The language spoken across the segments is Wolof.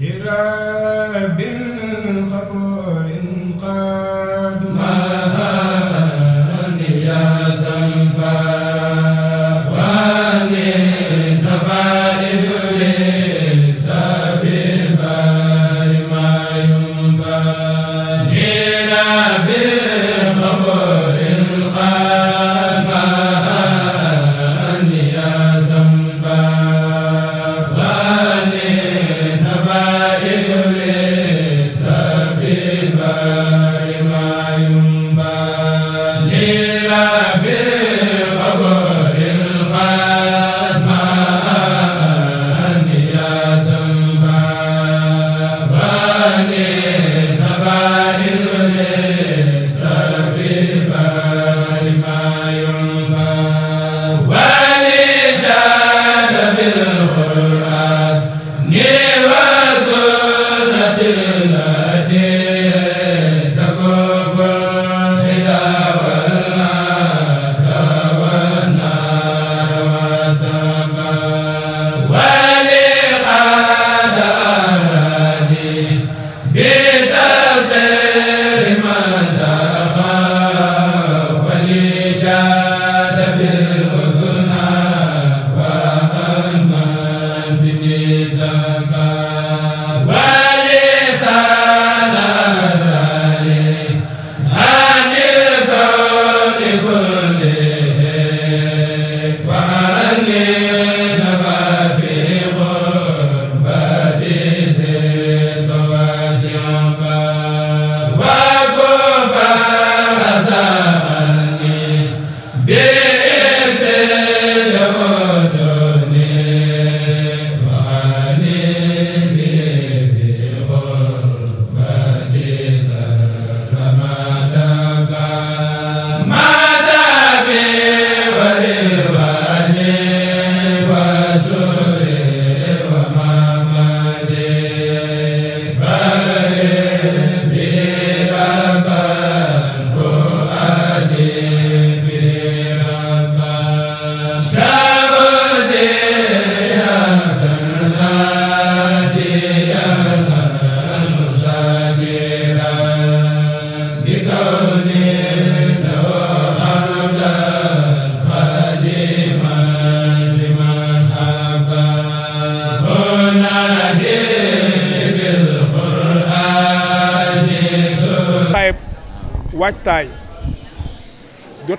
li rabbil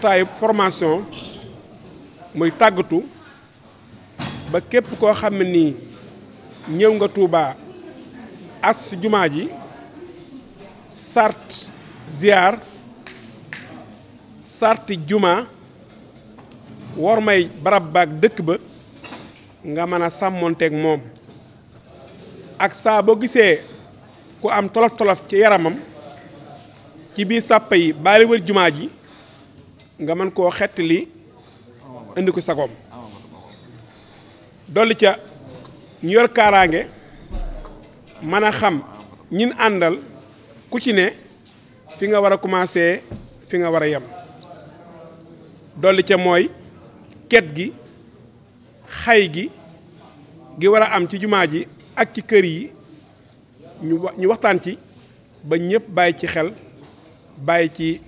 jotaay formation muy tàggatu ba képp koo xam ne nii ñëw nga Touba as jumaa ji sart sarti juma war may barab baak dëkk ba nga mën a sàmmonteeg moom ak saa boo gisee ku am tolof-tolof ci yaramam ci biir sàppa yi baali wër jumaa ji nga mën koo li indi ko sagoom dolli ca ñu yor kaaraange mën a xam ñin àndal ku ci ne fi nga war a commencé fi nga war a yem dolli ca mooy ket gi xay gi gi war a am ci jumaa ji ak ci kër yi ñu ñu waxtaan ci ba ñëpp bàyyi ci xel bàyyi ci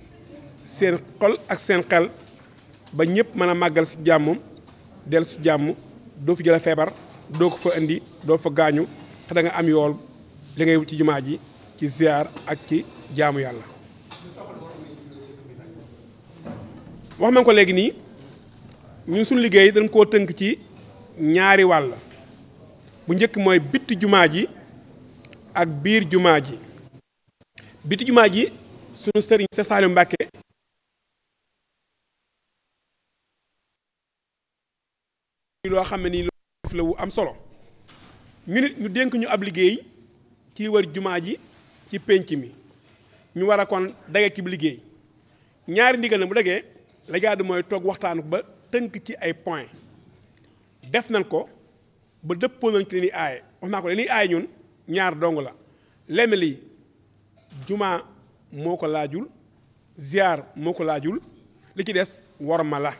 seen xol ak seen xel ba ñëpp mën a màggal si jàmm dellu si jàmm doo fi jële feebar doo ko fa indi doo fa gaañu te nga am yool li ngay wut ci jumaa ji ci ziar ak ci jaamu yàlla wax nañ ko léegi nii ñun suñu liggéey dañ koo tënk ci ñaari wàll bu njëkk mooy bitti jumaa ji ak biir jumaa ji bitti jumaa ji sunu sëriñ Saliou Mbacke loo xam ne nii def la wu am solo ñu nit ñu dénk ñu ab liggéey ci wër jumaa ji ci pénc mi ñu wara kon dage ci liggéey ñaari ndigal na bu dagee la jaadu mooy toog waxtaan ba tënk ci ay point def nañ ko ba dëppoo nañ ci li aaye wax naa ko li ñuy aaye ñun ñaar dong la leme lii jumaa moo ko laajul ziar moo ko laajul li ci des war ma la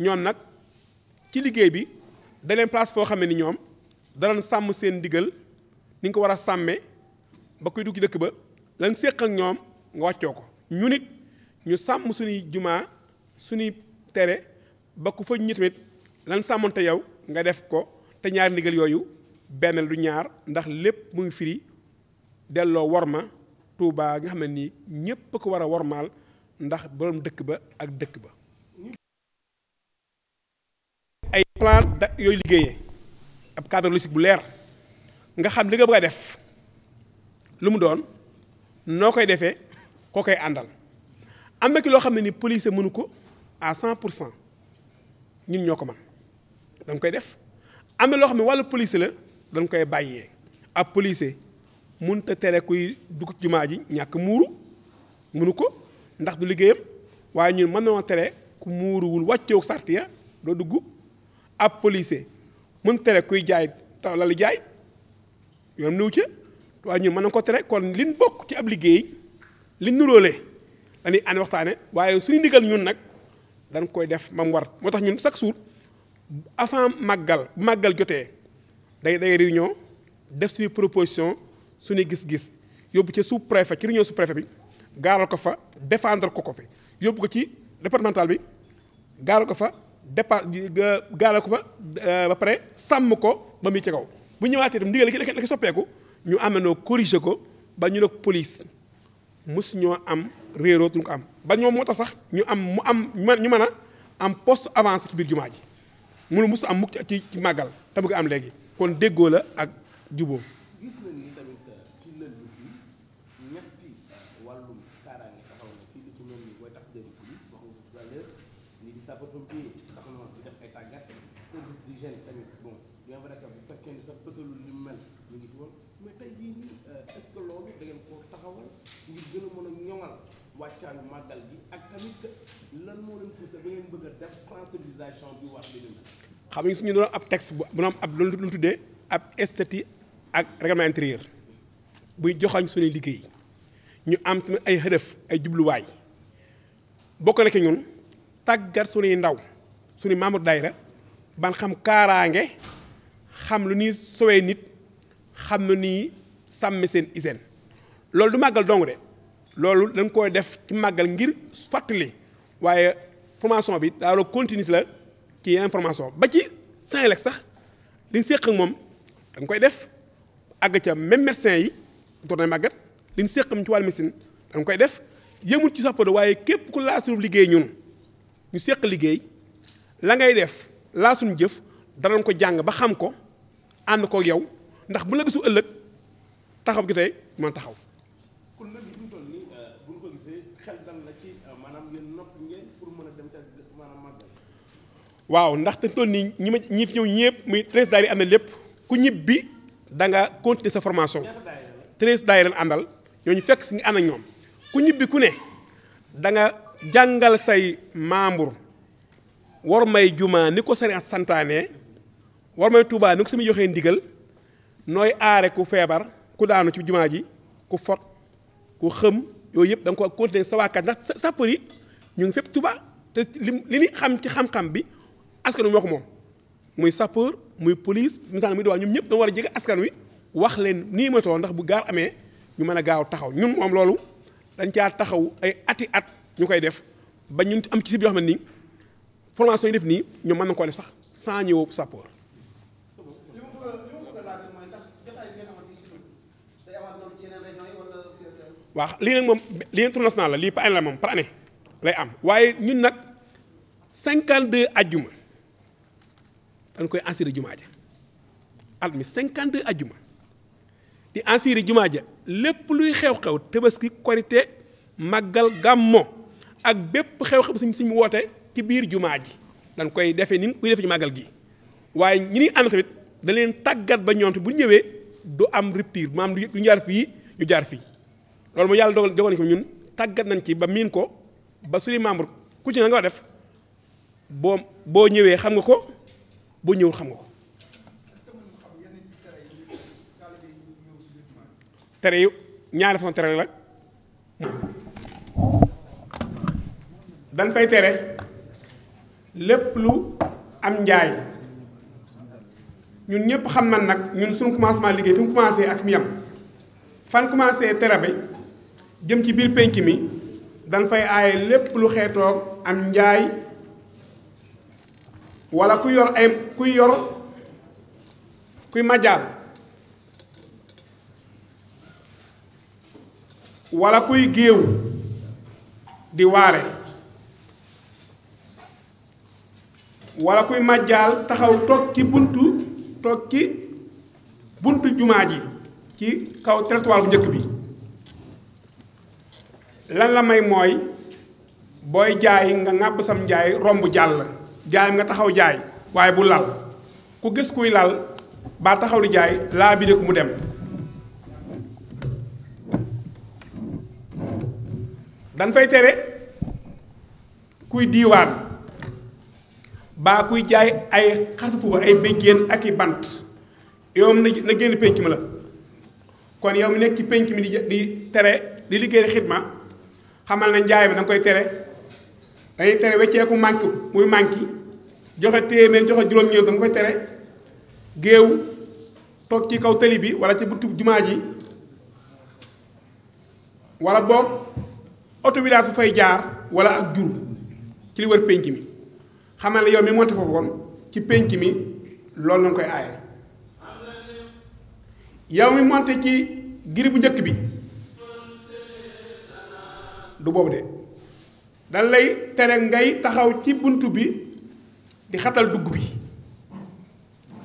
ñoom nag ci liggéey bi da leen place foo xamee ni ñoom danañ sàmm seen ndigal ni nga ko war a sàmmee ba kuy dugg dëkk ba la nga ak ñoom nga wàccoo ko ñu nit ñu sàmm suñuy jumaa suñuy tere ba ku fa ñi tamit lan sàmmoonte yow nga def ko te ñaar ndigal yooyu benn du ñaar ndax lépp muy firi delloo worma Tuubaa nga xam ne nii ñépp a ko war a wormaal ndax borom dëkk ba ak dëkk ba ay plan da yooyu liggéeyee ab cadre bu leer nga xam li nga bëgg def lu mu doon noo koy defee koo koy àndal am na ki loo xam ne ni police mënu ko à cent pour cent ñun ñoo ko man dañ koy def am na loo xam ne wàllu police la dañ koy bàyyee ab police mënut a tere kuy dugg jumaa ji ñàkk muuru mënu ko ndax du liggéeyam waaye ñun mën na nañoo tere ku muuruwul wàccoog sart ya doo dugg ab policier mun tere kuy jaay taw la lu jaay yoon niw ca waaye ñun mën na ko tere kon liñ bokk ci ab liggéey liñ nuróole dañuy ànd waxtaane waaye suñu ndigal ñun nag dañ koy def mam war moo tax ñun chaque jour avant màggal màggal jotee day day réunion def suñu proposition suñu gis-gis yóbbu ci sous préfet ci réunion sous préfet bi gaaral ko fa défendre ko ko fi yóbbu ko ci départemental bi gaaral ko fa dépense gaala ko fa euh, ba pare sàmm ko ba muy ci kaw bu ñëwaatee itam ndigal la ki soppeeku ñu am noo corrigé ko ba ñu ne police mus ñoo am réeroo duñ ko am ba ñoom moo tax sax ñu am mu am ñu mën a am post avance ci biir jumaa ji mu mus am mukk ci ci màggal te mu ko am léegi kon déggoo la ak juboo wàccaanu màggal gi xam nga suñu doon ab texte bu bu am ab lu ñu tuddee ab statut ak règlement intérieur buy joxañ suñuy liggéey ñu am tamit ay xëdëf ay jubluwaay bokk na ki ñun tàggat suñuy ndaw suñu membre daayira ban xam kaaraange xam lu ñuy sowee nit xam na ni sàmm seen hygiène loolu du màggal dong de. loolu dañ koy def ci màggal ngir fàttali waaye formation bi daal continuité la ci information ba ci Senelec sax li ñu moom dañ koy def àgg ca même médecin yi doon màgget li ñu séq ci wàllu médecine dañ koy def yëmul ci Sapado waaye képp ku laal suñu liggéey ñun ñu séq liggéey la ngay def laa suñu jëf danañ ko jàng ba xam ko ànd ko yow ndax bu la gisu ëllëg taxaw gi tey mën taxaw. waaw ndaxte toll nii ñi ma ñi fi ñëw ñëpp muy treize daayira yi na lépp ku ñibbi da nga continuer sa formation treize daayira yi àndal ñooñu fekk si nga ànd ñoom ku ñibbi ku ne da nga jàngal say membre war may juma ni ko sariat santaane war may Touba ni ko sama joxee ndigal nooy aare ku feebar ku daanu ci jumaa ji ku fot ku xëm yooyu yëpp danga ko continuer sa waakat ndax sapeur yi ñu ngi fépp Touba te li li ñu xam ci xam-xam bi askan wi moo ko moom muy sapeur muy police misaan muy diwaan ñoom ñëpp dama war a jege askan wi wax leen nii mooy tool ndax bu gaar amee ñu mën a gaaw taxaw ñun moom loolu dañ caa taxaw ay ati at ñu koy def ba ñun am ci sib ne nii formation yi nii ñoom mën na koo sax sans ñëw sapeur waaw lii nag moom nationale la lii par année la moom par année lay am waaye ñun nag cinquante deux ajjuma dañ koy assuré jumaa ja at mi 52 ajjuma di assuré jumaa ja lépp luy xew-xew tabaski korite màggal gàmmo ak bépp xew-xew suñ suñ woote ci biir jumaa ji dañ koy defee ni kuy defee ci màggal gi waaye ñi ni ànd tamit da leen tàggat ba ñoom te bu ñëwee du am rupture maam du ñu jaar fii ñu jaar fii loolu mooy yàlla dogal dogal ko ñun tàggat nañ ci ba miin ko ba suñu membre ku ci na nga def boo boo ñëwee xam nga ko boo ñëwul xam nga ko. tere yu ñaari façon tere la dañ fay tere lépp lu am njaay ñun ñëpp xam nañ nag ñun suñu commencement liggéey fi mu commencé ak mi yam fan commencé tere bi jëm ci biir penc mi dañ fay aaye lépp lu xeetoog am njaay wala ku yor ay ku yor kuy majaal wala kuy géew di waare wala kuy majaal taxaw toog ci buntu toog ci buntu jumaa ji ci kaw trottoir bu njëkk bi lan la may mooy booy jaay nga ŋàbb sam njaay romb jàll jaayam nga taxaw jaay waaye bu lal ku gis kuy lal baa taxaw di jaay laa bi ko mu dem dan fay tere kuy diiwaan baa kuy jaay ay xarfu ay béjjéen ak i bant yow na na génn pénc mi la kon yow mi nekk ci pénc mi di di tere di liggéey xidma xamal na njaay mi danga koy tere dañuy tere wecceeku mànk muy manque joxe téeméer joxe juróom-ñeent mu koy tere géew toog ci kaw tëli bi wala ci buntu jumaa ji wala boog oto village bu fay jaar wala ak jur ci li wër pénc mi xam ne yow mi monte foofu woon ci pénc mi loolu lañ koy aaye yow mi monte ci giri bu njëkk bi du boobu de dan lay tere ngay taxaw ci bunt bi di xatal dugg bi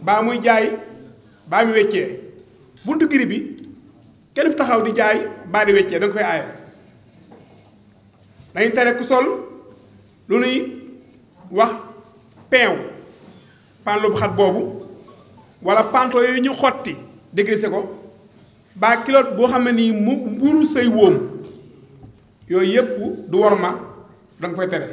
baa muy jaay baa muy weccee buntu giri bi kenn taxaw di jaay baa di weccee da koy aaye dañu tere ku sol lu nuy wax peew panlo bu xat boobu wala panto yooyu ñu xotti dégrisé ko baa kilote boo xam ne nii mu mburu sëy wóom yooyu yépp du war ma danga nga koy tere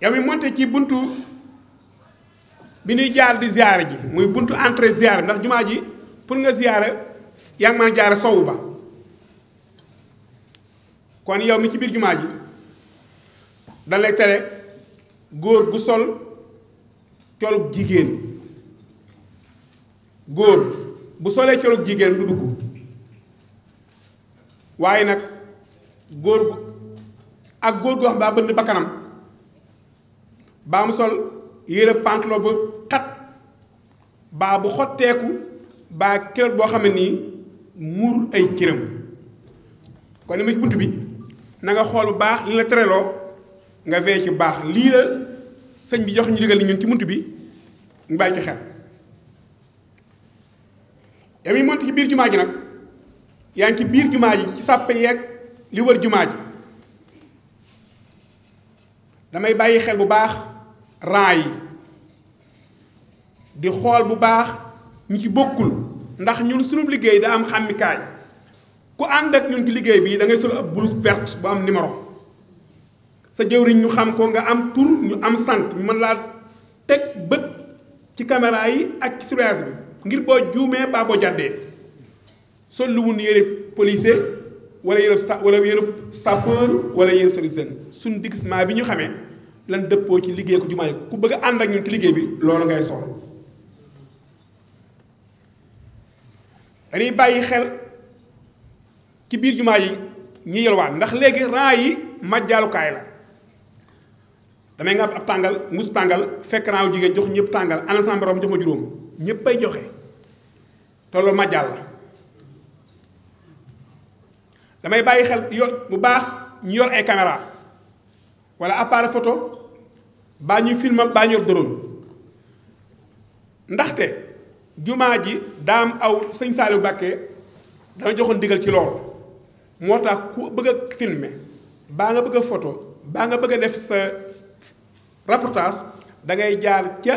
yow mi monte ci buntu bi ñuy jaar di ziyaare ji muy buntu entrée ziyaare ndax jumaa ji pour nga ziyaare yaa ngi mën a jaare sowu ba kon yow mi ci biir jumaa ji dañ tere góor gu sol colug jigéen góor bu solee colug jigéen du dugg waaye nag góor gu ak góor goo xam daa na bakkanam baa mu sol yére pantalon bu xat baa bu xotteeku baa kilot boo xam ne nii muur ay cëram kon ni ma ci bunt bi na nga xool bu baax li la tereloo nga vee ci baax lii la sëñ bi jox ñu digal li ñun ci bunt bi ñu bàyyi ci xel yam yi monte ci biir jumaa ji nag yaa ngi ci biir jumaa ji ci sàppe yeeg li wër jumaa ji damay bàyyi xel bu baax ran yi di xool bu baax ñi ci bokkul ndax ñun sunu liggéey da am xàmmikaay ku ànd ak ñun ci liggéey bi da ngay sol ab blouse verte bu am numéro sa jëwriñ ñu xam ko nga am tur ñu am sant ñu mën laa teg bët ci caméra yi ak ci surveillance bi ngir boo juumee baa boo jàddee sol lu wun yëre policier wala yërëb sa wala yërëb sapeur wala yërëb service seen suñ digisment bi ñu xamee lan dëppoo ci liggéey ko jumaa yi ku bëgg a ànd ak ñun ci liggéey bi loolu ngay sol dañuy bàyyi xel ci biir jumaa yi ñu yelwaan ndax léegi ran yi majjaalukaay la damay nga ab tàngal mus tàngal fekk raaw jigéen jox ñëpp tàngal anasam borom jox ma juróom ñëpp joxe te loolu majjaal la damay bàyyi xel yo bu baax ñu yor ay caméra wala appareil photo baa ñuy filmam baa ñu yor drone ndaxte jumaa ji daam aw sëñ Saliou Mbacké dana joxoon digal ci loolu moo tax ku bëgg a filmer baa nga bëgg a foto baa nga bëgg a def sa reportage da jaar ca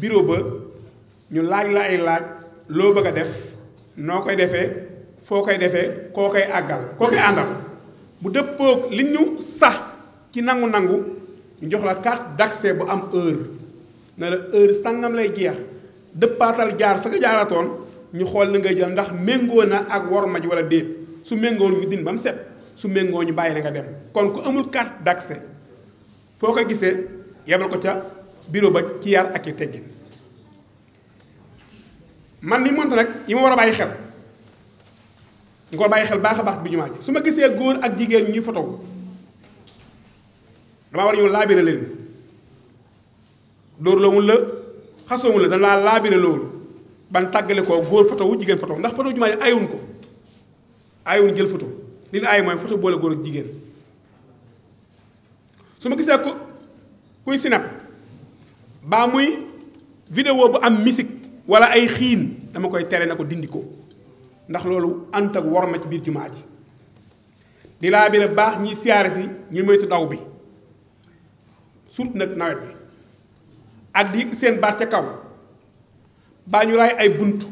bureau ba ñu laaj la ay laaj loo bëgg a def noo koy defee foo koy defee koo koy àggal koo koy àndal bu dëppoog li ñu sax ci nangu-nangu ñu jox la carte d'accès bu am heure ne la heure sangam lay jeex dëppaatal jaar fa nga jaaratoon ñu xool li ngay jël ndax méngoo na ak worma ji wala déet su méngoo ñu din ba mu set su méngoo ñu bàyyi la nga dem kon ku amul carte d'accès foo ko gisee yebal ko ca bureau ba ci yar ak i teggin man ni mont nag yi ma war a bàyyi xel nga ko bàyyi xel baax a baax bi jumaa ji su ma gisee góor ak jigéen ñuy fotow damaa war ñu laabire leen dóor loowul la xasawul la dañ laa laabire loolu ban tàggale koo góor fotowu jigéen fotow ndax fotow jumaa ji ayuñ ko ayuñ jël foto li ñu ay mooy foto boole góor ak jigéen su ma gisee ku kuy sinap baa muy vidéo bu am misik wala ay xiin dama koy tere na ko dindi ko ndax loolu ant ak ma ci biir jumaa ji di laa bi baax ñi siyaare si ñu moytu daw bi surtout nag nawet bi ak di yëkk seen baat ca kaw baa ñu raay ay bunt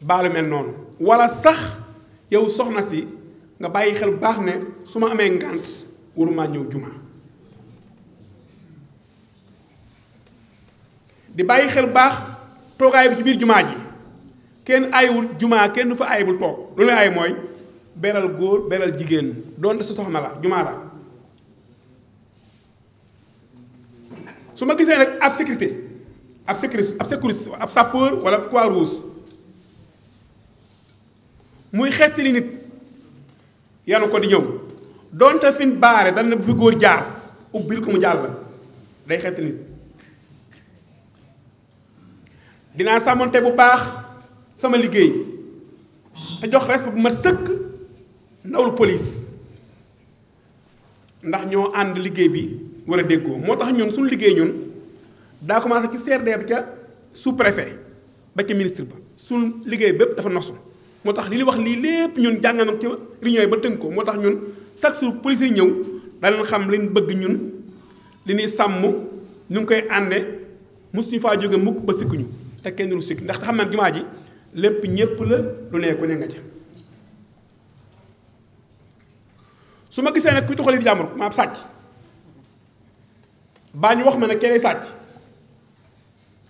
baalu mel noonu walla sax yow soxna si nga bàyyi xel baax ne su ma amee ngànt waruma ñëw jumaa di bàyyi xel baax toogaay bi ci biir jumaa ji kenn ayiwul jumaa kenn du fa ayibul toog lu la ay mooy beral góor beral jigéen doonte si soxna la jumaa la su ma gisee nag ab sécurité ab sécurité ab sécurité ab sapeur wala croix rouge muy xettali nit yanu ko di ñëw doonte fin baare dana ne bu fi góor jaar ubbil ko mu jàll day xettali nit dinaa sàmmonte bu baax sama liggéey te jox respect bu ma sëkk ndawlu police ndax ñoo ànd liggéey bi war a déggoo moo tax ñun suñu liggéey ñun daa commencé ci CRD ba ca sous ba ca ministre ba suñu liggéey bépp dafa nosu moo tax li wax lii lépp ñun jànganam ci réunion yi ba tënk ko moo tax ñun chaque jour police yi ñëw danañ xam liñ bëgg ñun li ñuy sàmm ñu ngi koy ànde mosuñu faa jóge mukk ba sikkuñu te kenn du sikk ndax xam naa jumaa ji lépp ñépp la lu ne ku nga ca su ma gisee nag ku tuxali di ma ab sàcc baa ñu wax ma ne keneen sàcc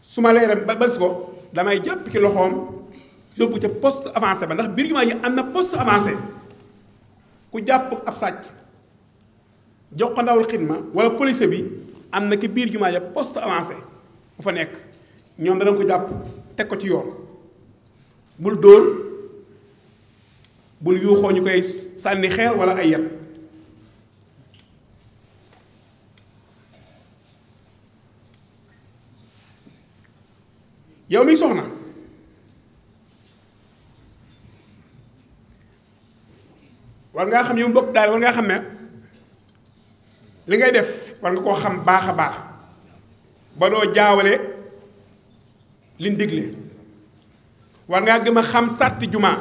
su ma leeram ba ba gis ko damay jàpp ci loxoom yóbbu ca post avancé ba ndax biir birgiment yi am na poste avancé ku jàpp ab sàcc jox ko ndawul xidma wala police bi am na ki biir jumaa ya post avancé bu fa nekk ñoom danañ ko jàpp teg ko ci yoon bul dóor bul yuuxoo ñu koy sànni xeer wala ay yat yow mi soxna war ngaa xam yow mbokk daal war ngaa xam ne li ngay def war nga koo xam baax a baax ba doo jaawale liñ digle war ngaa gëm a xam sàrti jumaa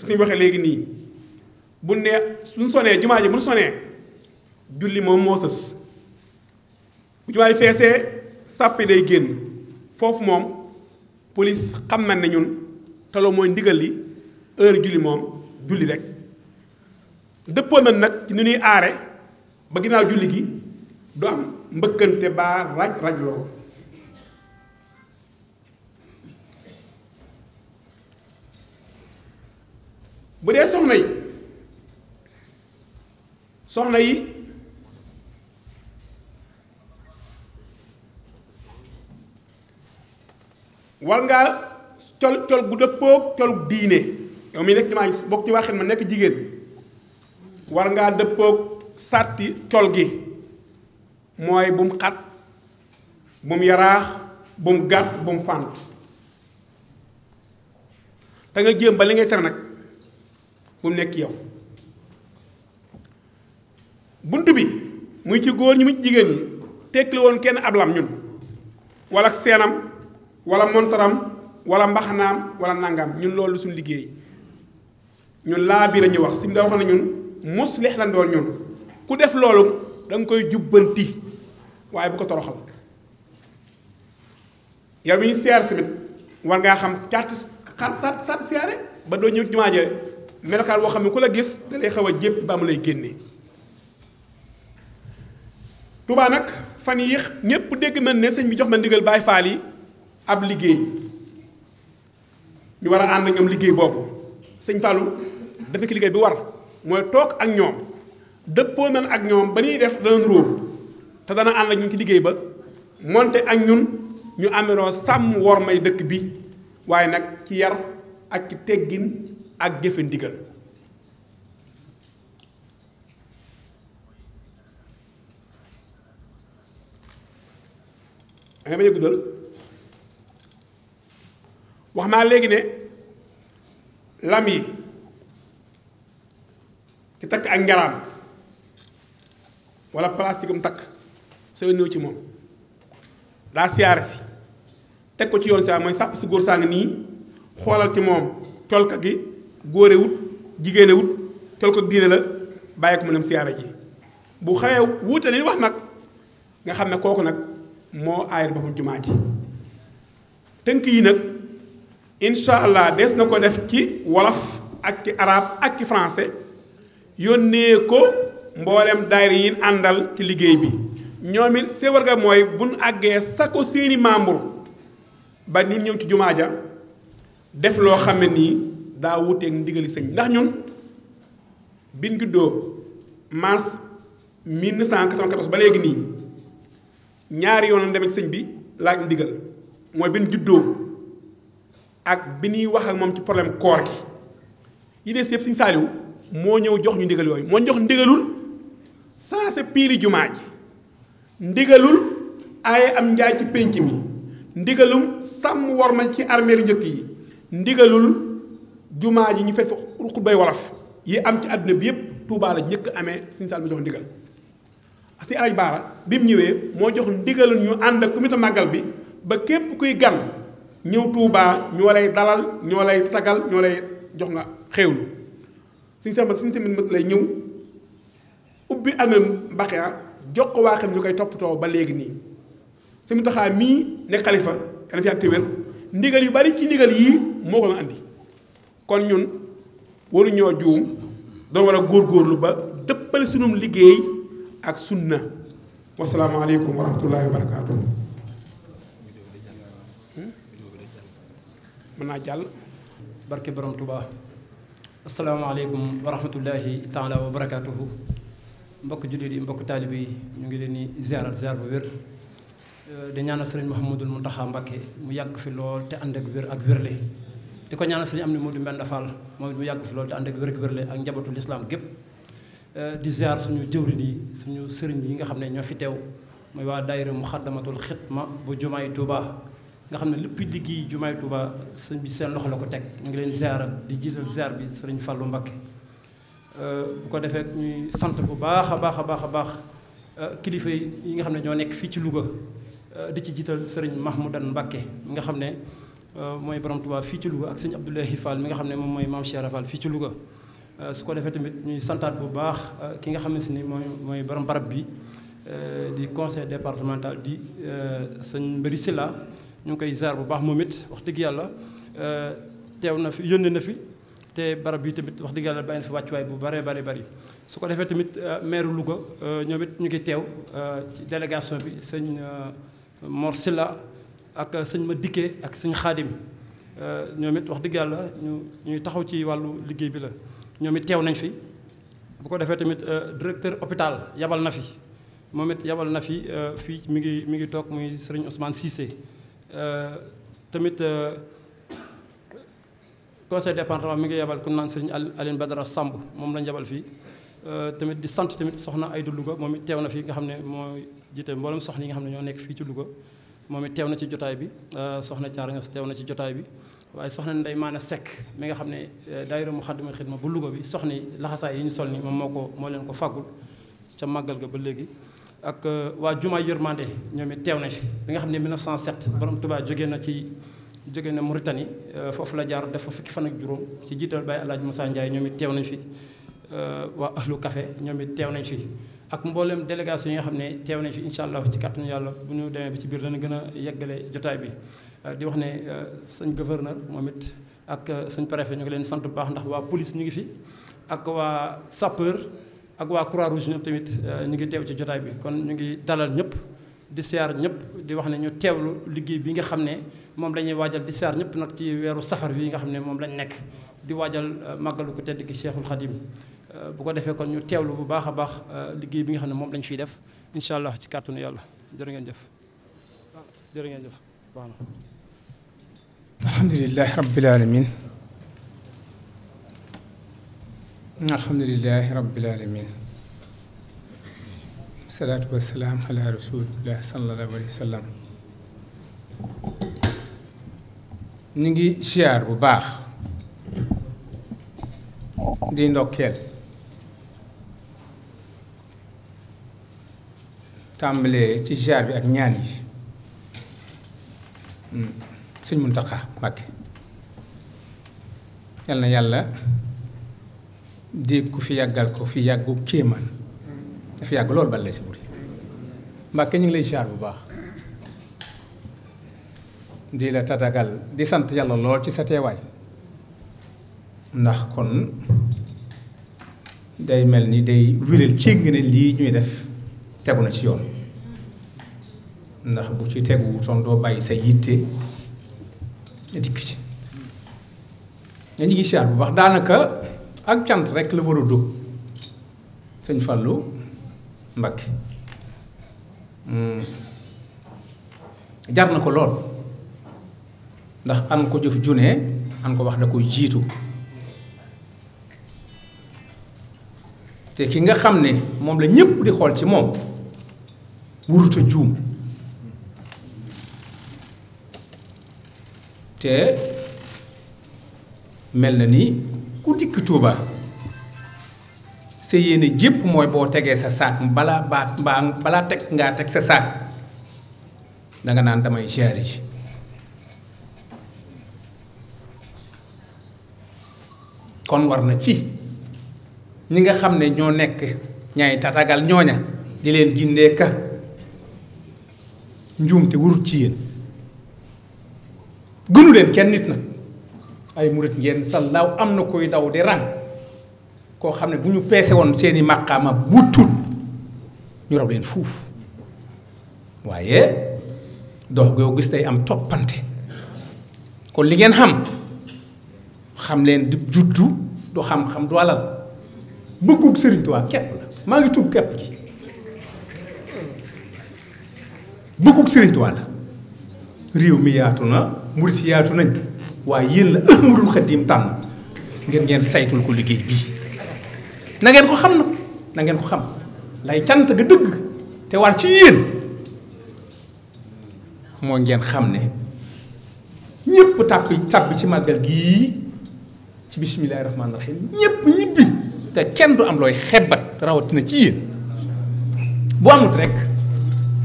suñu waxee léegi nii bu ne suñ sonee jumaa ji buñ sonee julli moom moo sës bu jumaa yi feesee sàppi day génn foofu moom polis xam na ne ñun taloo mooy ndigal li heure julli moom julli rek dëppoon na nag ci nu ñuy aare ba ginnaaw julli gi du am mbëkkante baa raj raj loo bu dee soxna yi soxna yi war ngaa col col gu dëppoog col diine yow mi nekk ci maa ngi bokk ci waxin ma nekk jigéen war ngaa dëppoog sàrti col gi mooy bum xat bum yaraax bum gàtt bum fànt te nga jéem ba li ngay tere nag bu nekk yow bunt bi muy ci góor ñi mu jigéen ñi tekki woon kenn ablam ñun wala seenam wala montaram wala mbaxanaam wala nangam ñun loolu suñu liggéey ñun laa biir ñu wax si mu da wax na ñun muslix lan ñun ku def loolu danga koy jubbanti waaye bu ko toroxal yow mi ñu seer simit war ngaa xam càtt xat sat sat seere ba doo ñëw jumaa jële melokaal woo xam ne ku la gis da lay xaw a jépp ba mu lay génne Touba nag fan yi ñépp dégg nañ ne sëñ bi jox ma ndigal Baay Faal yi ab liggéey ñu war a ànd ñoom liggéey boobu sëñ Fallou dafa ki liggéey bi war mooy toog ak ñoom dëppoo nañ ak ñoom ba ñuy def dana nuróo te dana ànd ak ñun ci liggéey ba monte ak ñun ñu ameroo sàmm wor may dëkk bi waaye nag ci yar ak ci teggin ak jëfe ndigal danga bañ a guddal wax naa léegi ne lam yi ki takk ak ngelaam wala plastique mu takk sooy ñëw ci moom daa siyaare si teg ko ci yoon saa mooy sàpp si góor saa nii xoolal ci moom colka gi góorewut jigéenewut jigéene wut ko diine la bàyyi ko mu dem ji bu xawee wuute li wax nag nga xam ne kooku nag moo aayal boppam jumaa ji tënk yi nag incha allah des na ko def ci wolof ak ci arab ak ci français yónnee ko mboolem daayira yi àndal ci liggéey bi ñoom it sewar ga mooy buñ àggee sako seeni membre ba ñun ñëw ci jumaa ja def loo xam ne nii daa wuuteeg ndigali sëñ ndax ñun biñ juddoo mars 1994 ba léegi nii ñaari yoon lañ dem sëñ bi laaj ndigal mooy biñ juddoo ak bi ñuy wax ak moom ci problème koor gi yi des yëpp sëñ Saaliw moo ñëw jox ñu ndigal yooyu moo jox ndigalul sanse piili jumaa ji ndigalul aaye am njaay ci pénc mi ndigalum sàmm war ma ci armeeri njëkk yi ndigalul jumaa ji ñu fet fa ruqut bay wolof yi am ci àdduna bi yëpp Touba la njëkk amee suñu saal mu jox ndigal si alaj baara bi mu ñëwee moo jox ndigal ñu ànd ak comité màggal bi ba képp kuy gan ñëw Touba ñoo lay dalal ñoo lay tagal ñoo lay jox nga xéewlu suñu sama suñu semaine lay ñëw ubbi amee Mbaxya ah jox ko waa xam ñu koy toppatoo ba léegi nii mu taxaa mii ne xalifa yàlla fi ak ndigal yu bari ci ndigal yii moo ko nga andi kon ñun waruñoo juum doon war a góorgóorlu ba dëppale sunum liggéey ak sunna wasalaamaaleykum wa rahmatullahi wa barakaatu hmm? borom Tuubaa asalaamaaleykum wa rahmatullahi taala wa barakaatuhu mbokk jullit yi mbokk taalibe yi ñu ngi leen di ziarat ziar bu wér eh, di ñaanal sëriñ mu Mountakha Mbacké mu yàkk fi lool te ànd ak wér ak wérle di ko ñaana sëriñ am ni Modou Mbenda Fall moom it mu yàgg fi loolu te ànd ak wér-wérle ak njabootu lislaam gépp euh, di ziar suñu jëwrin yi suñu sëriñ yi nga xam ne ñoo fi teew mooy waa daayira muxaddamatul xidma bu jumaay Touba nga xam ne lépp liggéey jumaay Touba sëñ bi seen loxo la ko teg ñu ngi leen ziaral di jiital ziar bi sëriñ Fallou Mbakke euh, bu ko defee ñuy sant bu baax a baax a baax a baax euh, kilifa yi nga xam ne ñoo nekk fii ci Louga di ci jiital sëriñ Mahmoudan Mbakke nga xam ne Euh, mooy borom Touba fii ci Louga ak sëñ Abdoulaye Fall mi nga xam ne moom mooy maam Cheikh Fall fii ci Louga euh, su ko defee tamit ñuy santaat bu baax euh, ki nga xam ne si ni mooy mooy borom barab bi di conseil départemental di sëñ Mbëri Silla ñu ngi koy ziar bu baax moom it wax dëgg yàlla teew na fi yónnee na fi te barab bi tamit wax dëgg yàlla bàyyi na fi wàccuwaay bu bare bare bari su ko defee tamit maire Louga ñoom it ñu ngi teew ci délégation bi sëñ Mor Silla ak sëñ ma dikkee ak sëñ xaadim euh, ñoom it wax dëgg yàlla ñu ñuy taxaw ci wàllu liggéey bi la ñoom it teew nañ fi bu ko defee tamit euh, directeur hôpital yabal na fi moom it yabal na fi euh, fii mi ngi mi ngi toog muy sëriñ Ousmane Cissé tamit conseil département mi ngi yabal ku naan sëriñ Aline Badara Samb moom lañ yabal fii tamit di sant tamit soxna Ayda Louga moom it teew na fi nga xam ne moo jiite mboolem soxna yi nga xam ne ñoo nekk fii ci Louga moom it teew na ci jotaay bi euh, soxna Thiaré Niass teew na ci jotaay bi waaye soxna Ndeye Maana sekk mi nga xam ne euh, daayira Muxaddamatul ma bu Louga bi soxna yi laxasaay yi ñu sol ni moom moo ko moo leen ko fàggul ca màggal ga ba léegi ak euh, waa Jumaa Yërmande ñoom it teew nañ fi bi nga xam ne 1907 borom tubaab jóge na ci jóge na Mauritanie foofu la jaar dafa fukki fan ak juróom ci jiital Baye El Hadj Moussa Ndiaye ñoom it teew nañ fi waa ahlu kafe ñoom it teew nañ fi ak mboolem délégation yi nga xam ne teew nañ fi incha allah ci kàttanu yàlla bu ñu demee ba ci biir dana gën a yeggale jotaay bi euh, di wax ne euh, sëñ gouverneur moom it ak euh, sëñ préfet ñu ngi leen sant bu baax ndax waa police ñu ngi fi ak waa sapeur ak waa croix rouge ñoom tamit ñu ngi teew ci jotaay bi kon ñu ngi dalal ñëpp di siyaar ñëpp di wax ne ñu teewlu liggéey bi nga xam ne moom la waajal di siyaar ñëpp nag ci weeru safar wi nga xam ne moom lañu nekk di waajal màggalu ko tedd gi Cheikhul Khadim Euh, bu ko defee kon ñu teewlu bu baax a baax euh, liggéey bi nga xam ne moom lañ fiy def incha allah ci kàttanu yàlla jër ngeen jëf jërë ngeen jëf baax na ngi siyaar bu baax di ndokkeel tàmbalee ci ziar bi ak ñaan yi hmm. sëñ Muntaxa Mbàkke yal na yàlla déeg ku fi yàggal ko fi yàggu kéemaan dafa yàgg loolu bala lay si buri Mbàkke ñu ngi lay ziar bu baax di la tatagal di sant yàlla lool ci sa teewaay ndax kon day mel ni day wéral ci nga ne lii ñuy def tegu na ci yoon ndax bu ci teguwu ton doo bàyyi sa yitte dikk ci dañu ngi siyaar bu baax daanaka ak cant rek la war a dugg sëñ Fallou Mbacké hmm. jar na ko lool ndax an ko jëf junee an ko wax da koy jiitu te ki nga xam ne moom la ñëpp di xool ci moom wuruta juum te mel na ni ku dikk Touba sa yéene jépp mooy boo tegee sa saak balaa baat mbaa balaa teg ngaa teg sa saak danga naan damay siyaare ji kon war na ci ñi nga xam ne ñoo nekk ñaay tatagal ñooña di leen gindee ka njuumte wurut ci yéen gënu kenn nit nag ay murit ngeen sallaaw am na koy daw di rang koo xam ne bu ñu peese woon seeni màqaama bu tut ñu raw leen fuuf waaye dox goo gis tey am toppante kon li ngeen xam xam leen di juddu du xam-xam du alal bëggug Sëriñ Tuubaa la maa ngi tuub képp gi bëggug Sëriñ la réew mi yaatu na murit yi yaatu nañ waaye yéen la Ahmadul Xadim tànn ngeen ngeen saytul ko liggéey bii na ko xam na nangeen ko xam lay cant ga dëgg te war ci yéen moo ngeen xam ne ñëpp tàpp tàpp ci màggal gii ci bismillaahi rahmaani rahiim ñëpp ñibbi te kenn du am looy xebat rawatina ci yéen bu amut rek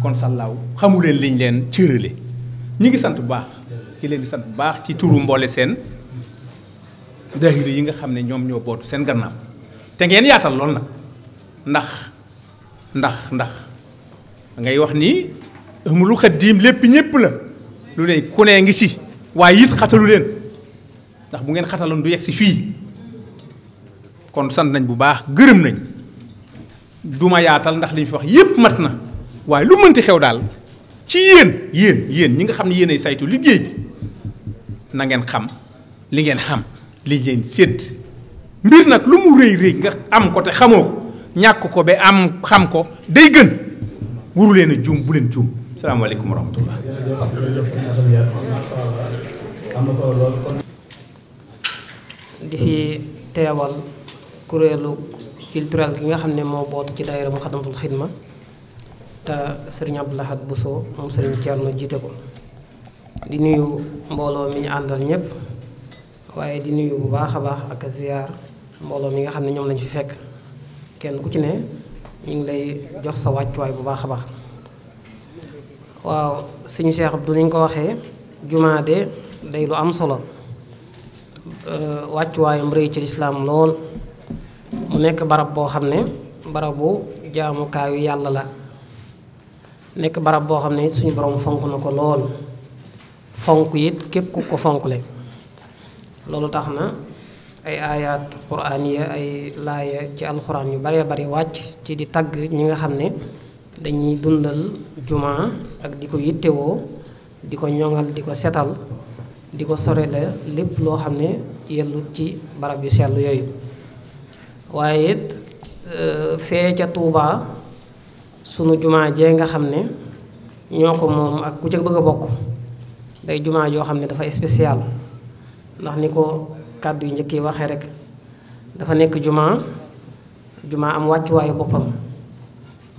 kon sàllaaw xamuleen liñ leen cërale ñi ngi sant bu baax ci leen di sant bu baax ci turu mboole seen daayira yi nga xam ne ñoom ñoo bootu seen gannaaw te ngeen yaatal lool nag ndax ndax ndax dangay wax ni amulu xaddiim lépp ñëpp la lu ne ku ne ngi ci waaye it xatalu leen ndax bu ngeen xataloon du yegg si fii kon sant nañ bu baax gërëm nañ duma yaatal ndax li ñu fi wax yépp mat na waaye lu mënti xew daal ci yéen yéen yéen ñi nga xam ne yéenay saytu liggéey nangeen xam li ngeen xam li ngeen sédd mbir nag lu mu rëy rëy nga am ko te xamoo ko ñàkk ko ba am xam ko day gën wuru leen a juum bu leen juum salaamaaleykum wa rahmatullah di fi teewal kuréelu culturel gi nga xam ne moo boot ci daayira Muxaddamatul Xidma te sëriñ Abdou bu so moom sëriñ Thierno jiite ko di nuyu mbooloo mi ñu àndal ñëpp waaye di nuyu bu baax a baax ak ziar mbooloo mi nga xam ne ñoom lañ fi fekk kenn ku ci ne ñu ngi lay jox sa wàccuwaay bu baax a baax waaw suñu Cheikh Abdou ni ñu ko waxee jumaa de day lu am solo wàccuwaayam rëy ci lislaam lool mu nekk barab boo xam ne barabu jaamukaayu yàlla la nekk barab boo xam ne suñu borom fonk na ko lool fonk yit képp ku ko fonk le loolu tax na ay aayaat quraan ya ay laaya ci alxuraan yu bare bari wàcc ci di tagg ñi nga xam ne dañuy dundal jumaa ak di ko yittewoo di ko ñoŋal di ko setal di ko sore lépp loo xam ne yellut ci barab yu sell yooyu waaye it euh, fee ca Tuubaa sunu jumaa jee nga xam ne ñoo ko moom ak ku ca bëgg a bokk day jumaa joo xam ne dafa spécial ndax ni ko kàddu yi njëkk yi waxee rek dafa nekk jumaa jumaa am wàccuwaayu boppam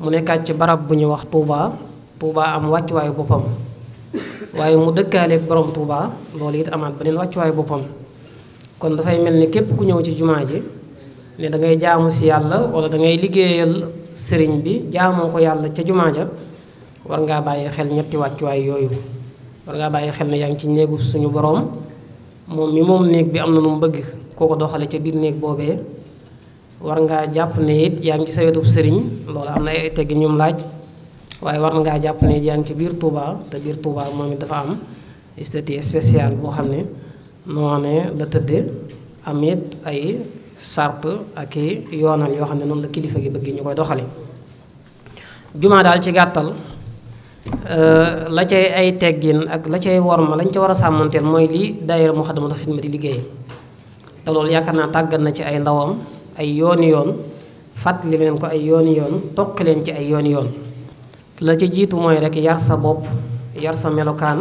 mu nekkaat ci barab bu ñu wax Touba Touba am wàccuwaayu boppam waaye mu dëkkaaleeg borom Touba loolu it amaat beneen wàccuwaayu boppam kon dafay mel ni képp ku ñëw ci jumaa ji ne da ngay jaamu si yàlla wala dangay ngay liggéeyal sëriñ bi jaamoo ko yàlla ca jumaa ja war ngaa bàyyi xel ñetti wàccuwaayu yooyu war ngaa bàyyi xel ne yaa ngi ci néegu suñu boroom moom mi moom néeg bi am na lu mu bëgg koo ko doxale ca biir néeg boobee war ngaa jàpp ne it yaa ngi ci sëriñ am ay teggi laaj waaye war ngaa jàpp ne yaa ci biir Touba te biir Touba moom it dafa am statut spécial boo xam ne noonee la tëdde am it ay sart ak i yoonal yoo xam ne noonu la kilifa gi bëgg ñu koy doxale jumaa daal ci gàttal Euh, la ca ay teggin ak la cay worma lañ ca war a sàmmanteel mooy lii daayira Muxaddamatul Xidma di liggéey te loolu yaakaar naa tàggat na ci ay ndawam ay yooni yoon fàttali leen ko ay yooni yoon toqi leen ci ay yooni yoon la ca jiitu mooy rek yar sa bopp yar sa melokaan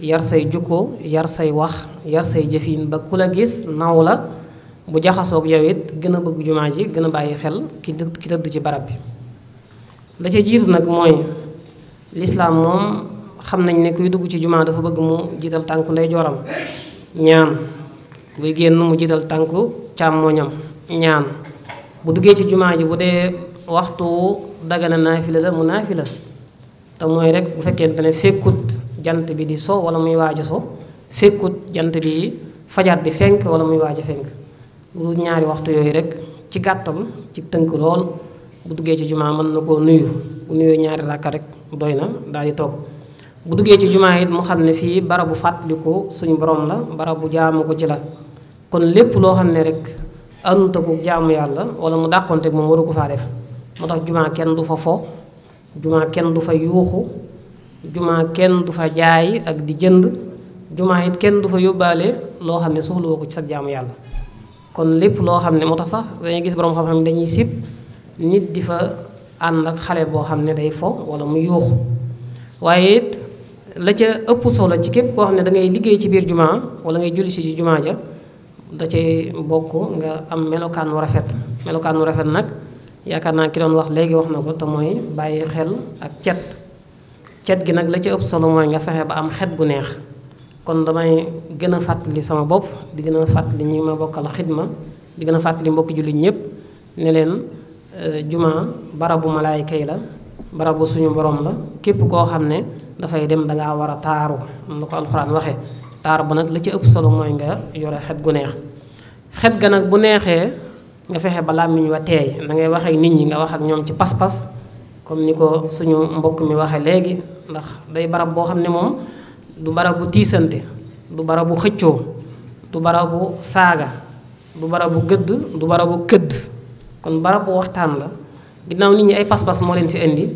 yar say jukko yar say wax yar say jëfin ba ku la gis naw la bu jaxasoog yow it gën a bëgg jumaa ji gën a bàyyi xel ki ki tëdd ci barab bi la ca jiitu nag mooy lislaam moom xam nañ ne kuy dugg ci jumaa dafa bëgg mu jiital tànku ndeyjooram ñaan buy génn mu jiital tànku càmmooñam ñaan bu duggee ci jumaa ji bu dee waxtu dagana naafila la mu naafila te mooy rek bu fekkente ne fekkut jant bi di so wala muy waaj a so fekkut jant bi fajaat di fenk wala muy waaj a fenk lu ñaari waxtu yooyu rek ci gàttam ci tënk lool bu duggee ci jumaa mën na koo nuyu bu ñaari ràkka rek doy na daal di toog bu duggee ci jumaa it mu xam ne fii bu fàttaliku suñu borom la bu jaamu ko ci la kon lépp loo xam ne rek anuta ko jaamu yàlla wala mu dàqonteeg moom waru ko faa def moo tax kenn du fa fo jumaa kenn du fa yuuxu jumaa kenn du fa jaay ak di jënd jumaa it kenn du yóbbaale loo xam ne soxlawoo ko ci sa jaamu yàlla lépp loo xam ne moo tax sax dañuy gis borom xam-xam dañuy sib nit di fa ànd ak xale boo xam ne day fo wala mu yuuxu waaye it la ca ëpp solo ci képp koo xam ne dangay liggéey ci biir jumaa wala ngay julli si ci jumaa ja da cay bokk am melokaan wu rafet melokaan wu rafet nag yaakaar naa ki wax léegi wax na ko mooy bàyyi xel ak cet cet gi nag la ca ëpp solo mooy nga fexe ba am xet gu neex kon damay gën a fàttali sama bopp di gën a fàttali ñi ma bokkal xidma di gën a fàttali mbokki jullit ñépp ne leen Euh, jumaa barabu malaayka kay la barabu suñu borom la képp koo xam ne dafay dem danga war a taaru am na ko alxuraan waxee taar ba nag la ci ëpp solo mooy nga yore xet gu neex xet ga nag bu neexee nga fexe ba làmmiñ wa teey da ngay wax ak nit ñi nga wax ak ñoom ci pas-pas comme ni ko suñu mbokk mi waxee léegi ndax day barab boo xam ne moom du barabu tiisante du barabu xëccoo du barabu saaga du barabu gëdd du barabu këdd kon barabu waxtaan la ginnaaw nit ñi ay pas-pas moo leen fi indi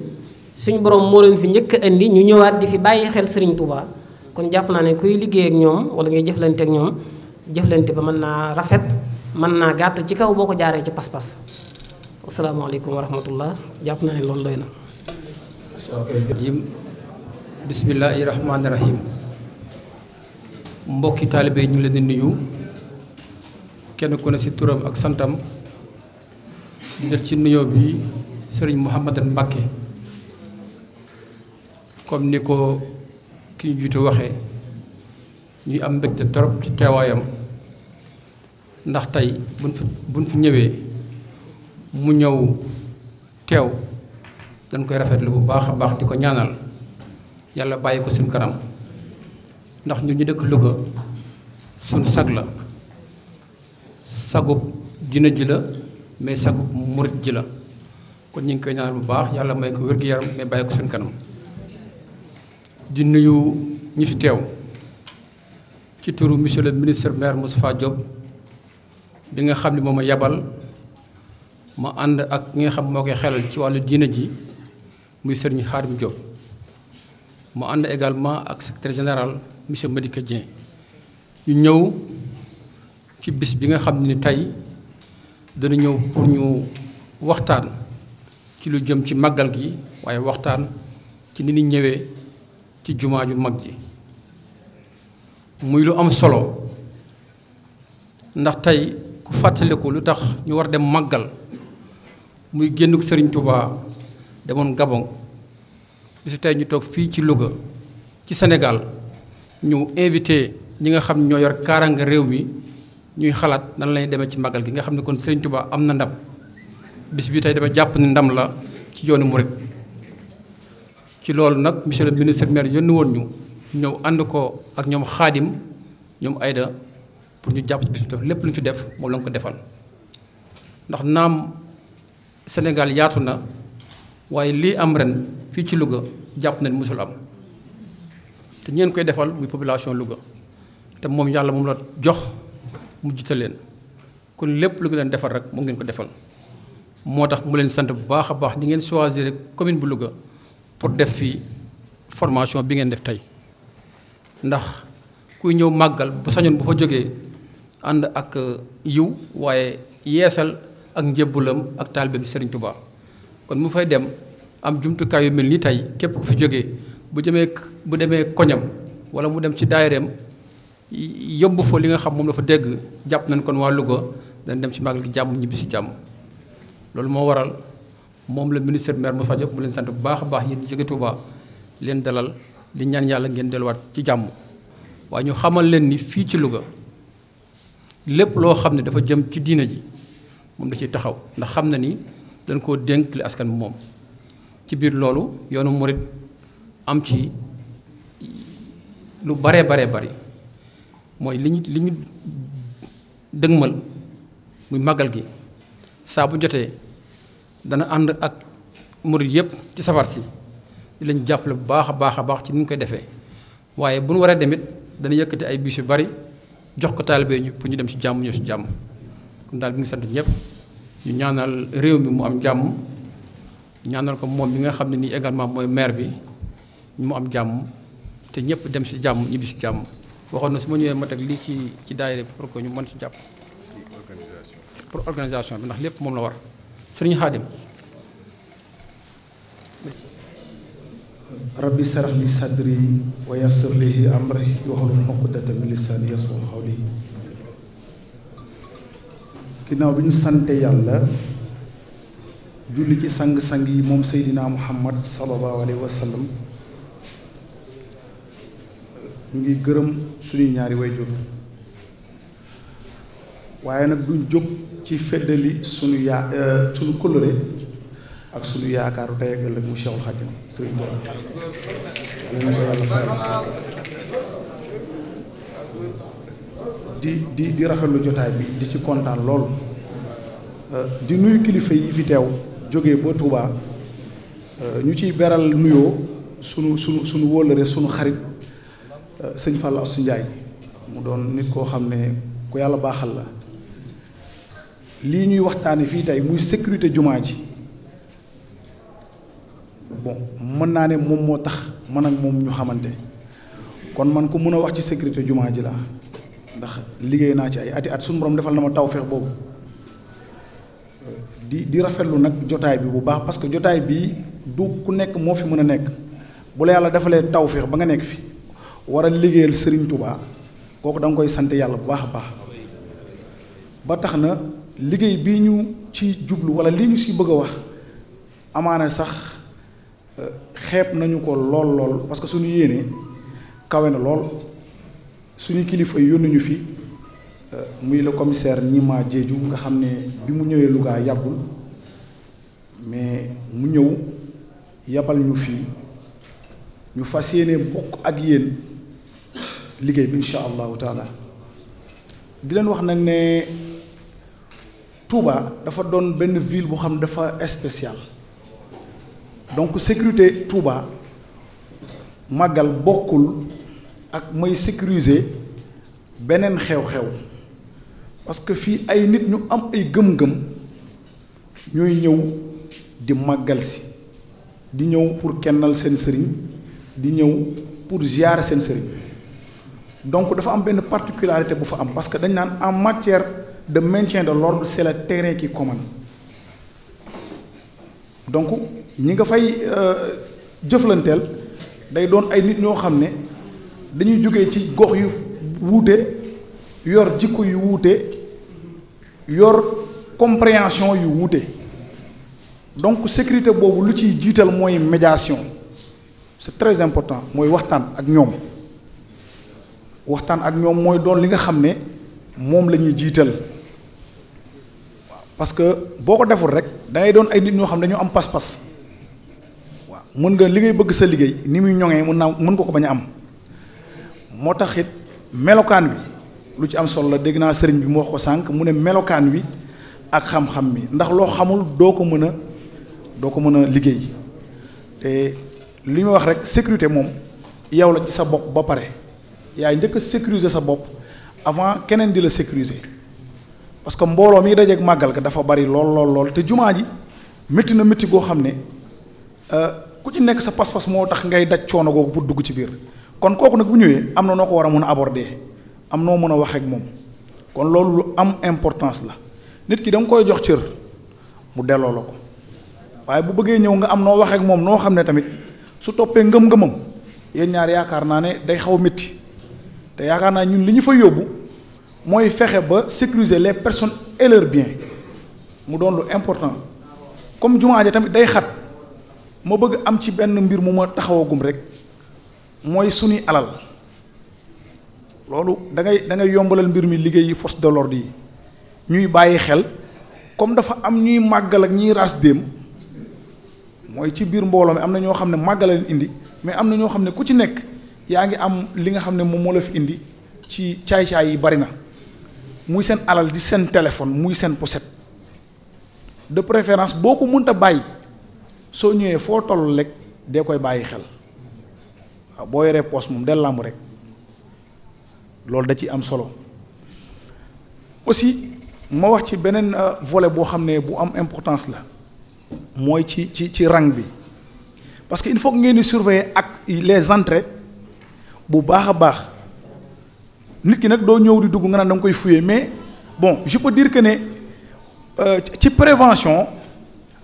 suñu borom moo leen fi njëkk a indi ñu ñëwaat di fi bàyyi xel Serigne Touba kon jàpp naa ne kuy liggéey ak ñoom wala ngay jëflante ak ñoom jëflante ba mën naa rafet mën naa gàtt ci kaw boo ko jaaree ci pas-pas. asalaamaaleykum wa rahmatullah jàpp naa ne loolu doy na. bismillaahi rahmaani rahim mbokki taalibe ñu leen di nuyu kenn ku ne ci turam ak santam. di ci nuyoo bi sëriñ Mouhamadou Mbacké comme ni ko ki ñu jiitu waxe ñuy am mbégte torop ci teewaayam ndax tey buñ fi buñ fi ñëwee mu ñëw teew dañ koy rafetlu bu baax a baax di ko ñaanal yàlla bàyyi ko suñ kanam ndax ñun ñu dëkk Louga suñ sag la sagub dina ji mais sagub murit ji la kon ñu ngi koy ñaanal bu baax yàlla may ko wér-gu-yaram mais bàyyi ko suñ kanam di nuyu ñi fi teew ci turu monsieur le ministre maire Moustapha Diop bi nga xam ni moom a yabal ma ànd ak ñi nga xam moo koy xelal ci wàllu diina ji muy sëriñ Xaadim Diop mu ànd également ak secrétaire général monsieur Madické Dieng yu ñëw ci bis bi nga xam ni tey dana ñëw pour ñu waxtaan ci lu jëm ci màggal gi waaye waxtaan ci ni ñu ñëwee ci jumaa ju mag ji muy lu am solo ndax tey ku fàttaliku lu tax ñu war dem màggal muy génn Sëriñ Tuubaa demoon Gabon bisu tey ñu toog fii ci Louga ci senegal ñu invité ñi nga xam ñoo yor kaaraanga réew mi ñuy xalaat nan lay demee ci màggal gi nga xam ne kon Serigne Touba am na ndam bis bi tey dama jàpp ne ndam la ci yoonu murit ci loolu nag monsieur le ministre maire yónni woon ñu ñëw ànd ko ak ñoom xaadim ñoom ayda pour ñu jàpp ci bis bi lépp lu fi def moom la ko defal ndax naam Sénégal yaatu na waaye lii am ren fii ci Louga jàpp nañ musul am te ñeen koy defal muy population Louga te moom yàlla moom la jox mu jiital leen kon lépp lu ko leen defal rek mu ngeen ko defal moo tax mu leen sant bu baax a baax ni ngeen choisir commune bu Louga pour def fii formation bi ngeen def tey ndax kuy ñëw màggal bu sañoon bu fa jógee ànd ak euh, yiw waaye yeesal ak njébbalam ak taalibeem Serigne Touba kon mu fay dem am jumtukaay yu mel ni tey képp ku fi jóge bu demee bu demee koñam wala mu dem ci daayireem yóbbu fa li nga xam moom la fa dégg jàpp nañ kon waa Louga dañ dem ci màggal gi jàmm ñibbi si jàmm loolu moo waral moom la ministre maire Moussa Diop mu leen sant bu baax a baax yéen jóge Touba leen dalal li ñaan yàlla ngeen delluwaat ci jàmm waaye ñu xamal leen ni fii ci Louga lépp loo xam ne dafa jëm ci diina ji moom da ci taxaw ndax xam na ni dañ koo dénk li askan bi moom ci biir loolu yoonu murit am ci lu baree baree bari mooy li ñu li ñu dëgmal muy màggal gi saa bu jotee dana ànd ak murit yëpp ci safar si di jàppale bu baax a baax a baax ci ni ñu koy defee waaye bu nu waree demit dana yëkkati ay bus yu bari jox ko taalibe ñu pour ñu dem ci jàmm ñëw ci jàmm kon daal bi ngi sant ñëpp ñu ñaanal réew mi mu am jàmm ñaanal ko moom mi nga xam ne nii également mooy maire bi mu am jàmm te ñëpp dem si jàmm ñibbi ci jàmm waxoon na su ma ñëwee ma teg lii ci ci daayira pour que ñu mën ci jàpp. pour organisation bi ndax lépp moom la war sëriñ Xaadim. rabbi sarax li sadri wa yassir li amri waxlul uqdata min lisaani yafqahu qawli ginnaaw bi ñu sante yàlla julli ci sang-sang yi moom seydinaa muhammad sallallahu alayhi wa sallam ñu ngi gërëm suñuy ñaari wayjur waaye nag duñ jóg ci feddali suñu yaa euh, suñu kóllëre ak suñu yaakaaru tey ak ëllëg mu Cheikhul Khadim sëriñ Borom di di di rafetlu jotaay bi di ci kontaan lool euh, di nuyu kilifa yi fi teew jóge ba Touba euh, ñu ciy beral nuyoo sunu sunu sunu wóllëre sunu xarit Euh, sëñ Fallou Assou Ndiaye mu doon nit koo xam ne ku yàlla baaxal la lii ñuy waxtaane fii tey muy sécurité jumaa ji bon mën naa ne moom moo tax man ak moom ñu xamante kon man ku mën a wax ci sécurité jumaa ji laa ndax liggéey naa ci ay ati at suñu borom defal na ma tawféex boobu di di rafetlu nag jotaay bi bu baax parce que jotaay bi du ku nekk moo fi mën a nekk bu la yàlla defalee tawféex ba nga nekk fi war a liggéeyal Serigne Touba kooku da nga koy sant yàlla bu baax a baax ba tax na liggéey bi ñu ci jublu wala li ñu si bëgg a wax amaana sax euh, xeeb nañu ko lool lool parce que suñu yéenee kawe na lool suñu kilifa yónni ñu fi euh, muy le commissaire Gnima Diédhiou nga xam ne bi mu ñëwee Louga yàggul mais mu ñëw yabal ñu fii ñu fas yéene bokk ak yéen. liggéey bi insha allahu taala di leen wax nag ne Touba dafa doon benn ville boo xam ne dafa spécial donc sécurité Touba màggal bokkul ak mooy sécuriser beneen xew-xew parce que fii ay nit ñu am ay gëm-gëm ñooy ñëw di màggal si di ñëw pour kennal seen sëriñ di ñëw pour ziyaar seen sëriñ donc dafa am benn particularité bu fa am parce que dañ naan en matière de maintien de l'ordre c'est le terrain qui commande donc ñi nga fay euh, jëflanteel day doon ay nit ñoo xam ne dañuy jógee ci gox yu wuute yor jikko yu wuute yor compréhension yu wuute donc sécurité boobu lu ciy jiital mooy médiation c'est très important mooy waxtaan ak ñoom waxtaan ak ñoom mooy doon li nga xam ne moom la ñuy jiital waaw parce que boo ko deful rek dangay doon ay nit ñoo xam ne dañoo am pas-pas waaw mën nga li ngay bëgg sa liggéey ni muy ñoŋee mun naa mun ko ko bañ a am moo tax it melokaan bi lu ci am solo la dégg naa sëriñ bi mu wax ko sànq mu ne melokaan wi ak xam-xam mi ndax loo xamul doo ko mën a doo ko mën a liggéey te li ñu wax rek sécurité moom yow la ci sa bopp ba pare. yaay njëkk a sécuriser sa bopp avant keneen di la sécuriser parce que mbooloo mii dajeeg màggal ga dafa bari lool lool lool te jumaa ji métti na métti goo xam ne euh, ku ci nekk sa pas-pas moo tax ngay daj coono googu pour dugg ci biir kon kooku nag bu ñëwee am na noo ko war a mën a aborder am noo mën a wax ak moom kon loolu am importance la nit ki da nga koy jox cër mu delloo la ko waaye bu bëggee ñëw nga am noo waxeek moom noo xam ne tamit su toppee ngëm-ngëmam yéen ñaar yaakaar naa ne day xaw métti te yaakaar naa ñun li ñu fa yóbbu mooy fexe ba sécuriser les personnes et leurs mu doon lu important comme jumaa ja tamit day xat ma bëgg am ci benn mbir mu ma taxawagum rek mooy suñuy alal loolu dangay dangay yombalal mbir mi liggéey yi force de l'ordre yi ñuy bàyyi xel comme dafa am ñuy màggal ak ñuy raas déem mooy ci biir mbooloo mi am na ñoo xam ne màggal leen indi mais am na ñoo xam ne ku ci nekk. yaa ngi am li nga xam ne moom moo la fi indi ci caay-caay yi bari na muy seen alal di seen téléphone muy seen pochette de préférence boo ko mënta bàyyi soo ñëwee foo toll rek dee koy bàyyi xel waaw boo yoree poche moom del làmb rek loolu da ci am solo aussi ma wax ci beneen euh, volet boo xam ne bu am importance la mooy ci ci ci rang bi parce que il faut ngeen di surveiller ak les entrées bu baax a baax nit ki nag doo ñëw di dugg nga naan da nga koy fuyee mais bon je peux dire que ne euh, ci prévention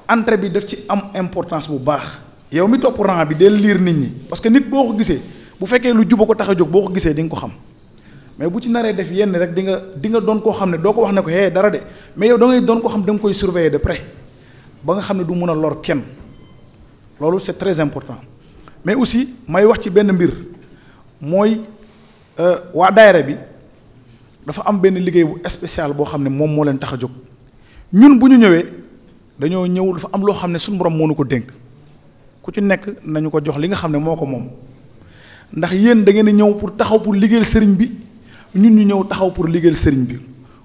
entrée bi def ci am importance bu baax yow mi topp rang bi del liir nit ñi parce que nit boo ko gisee bu fekkee lu juba ko tax a jóg boo ko gisee di nga ko xam mais bu ci naree def yenn rek di nga di nga doon koo xam ne doo ko wax ne ko hee dara de mais yow da ngay doon koo xam da nga koy surveiller de près ba nga xam ne du mën a lor kenn loolu c'est très important mais aussi may wax ci benn mbir. mooy euh, waa daayira bi dafa am benn liggéey bu spécial boo xam ne moom moo leen tax a jóg ñun bu ñu ñëwee dañoo ñëw dafa am loo xam ne suñ borom moo nu ko dénk ku ci nekk nañu ko jox li nga xam ne moo ko moom ndax yéen dangeen ngeen ñëw pour taxaw pour liggéeyal sëriñ bi ñun ñu ñëw taxaw pour liggéeyal sëriñ bi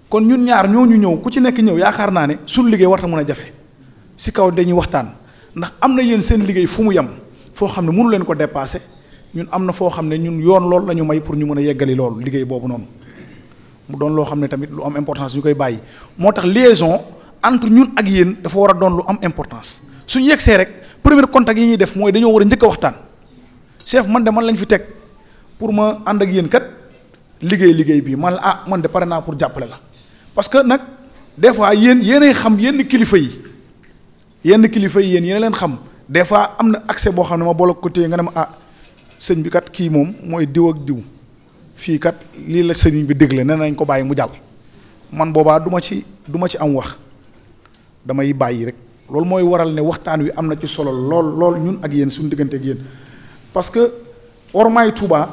kon ñun ñaar ñoo ñu ñëw ku ci nekk ñëw yaakaar naa ne suñu liggéey war na mën a jafe si kaw dañuy waxtaan ndax am na yéen seen liggéey fu mu yem foo xam ne mënu leen ko dépassé. ñun am na foo xam ne ñun yoon loolu lañu may pour ñu mën a yeggali loolu liggéey boobu noonu mu doon loo xam ne tamit lu am importance ñu koy bàyyi moo tax liaison entre ñun ak yéen dafa war a doon lu am importance su suñu yegsee rek premier contact yi ñuy def mooy dañoo war a njëkk a waxtaan chef man de man lañ fi teg pour ma ànd ak yéen kat liggéey liggéey bi man la ah man de pare naa pour jàppale la parce que nag des fois yéen yéenay xam yenn kilifa yi yenn kilifa yéen yéen leen xam des fois am na accès boo xam ne ma boole ko nga ne ah. sëñ bi kat kii moom mooy diw ak diw fii kat lii la sëñ bi dégle nee nañ ko bàyyi mu jàll man boobaa duma ci duma ci am wax damay bàyyi rek loolu mooy waral ne waxtaan wi am na ci solo lool lool ñun ak yéen suñ diggante ak yéen parce que ormaay Touba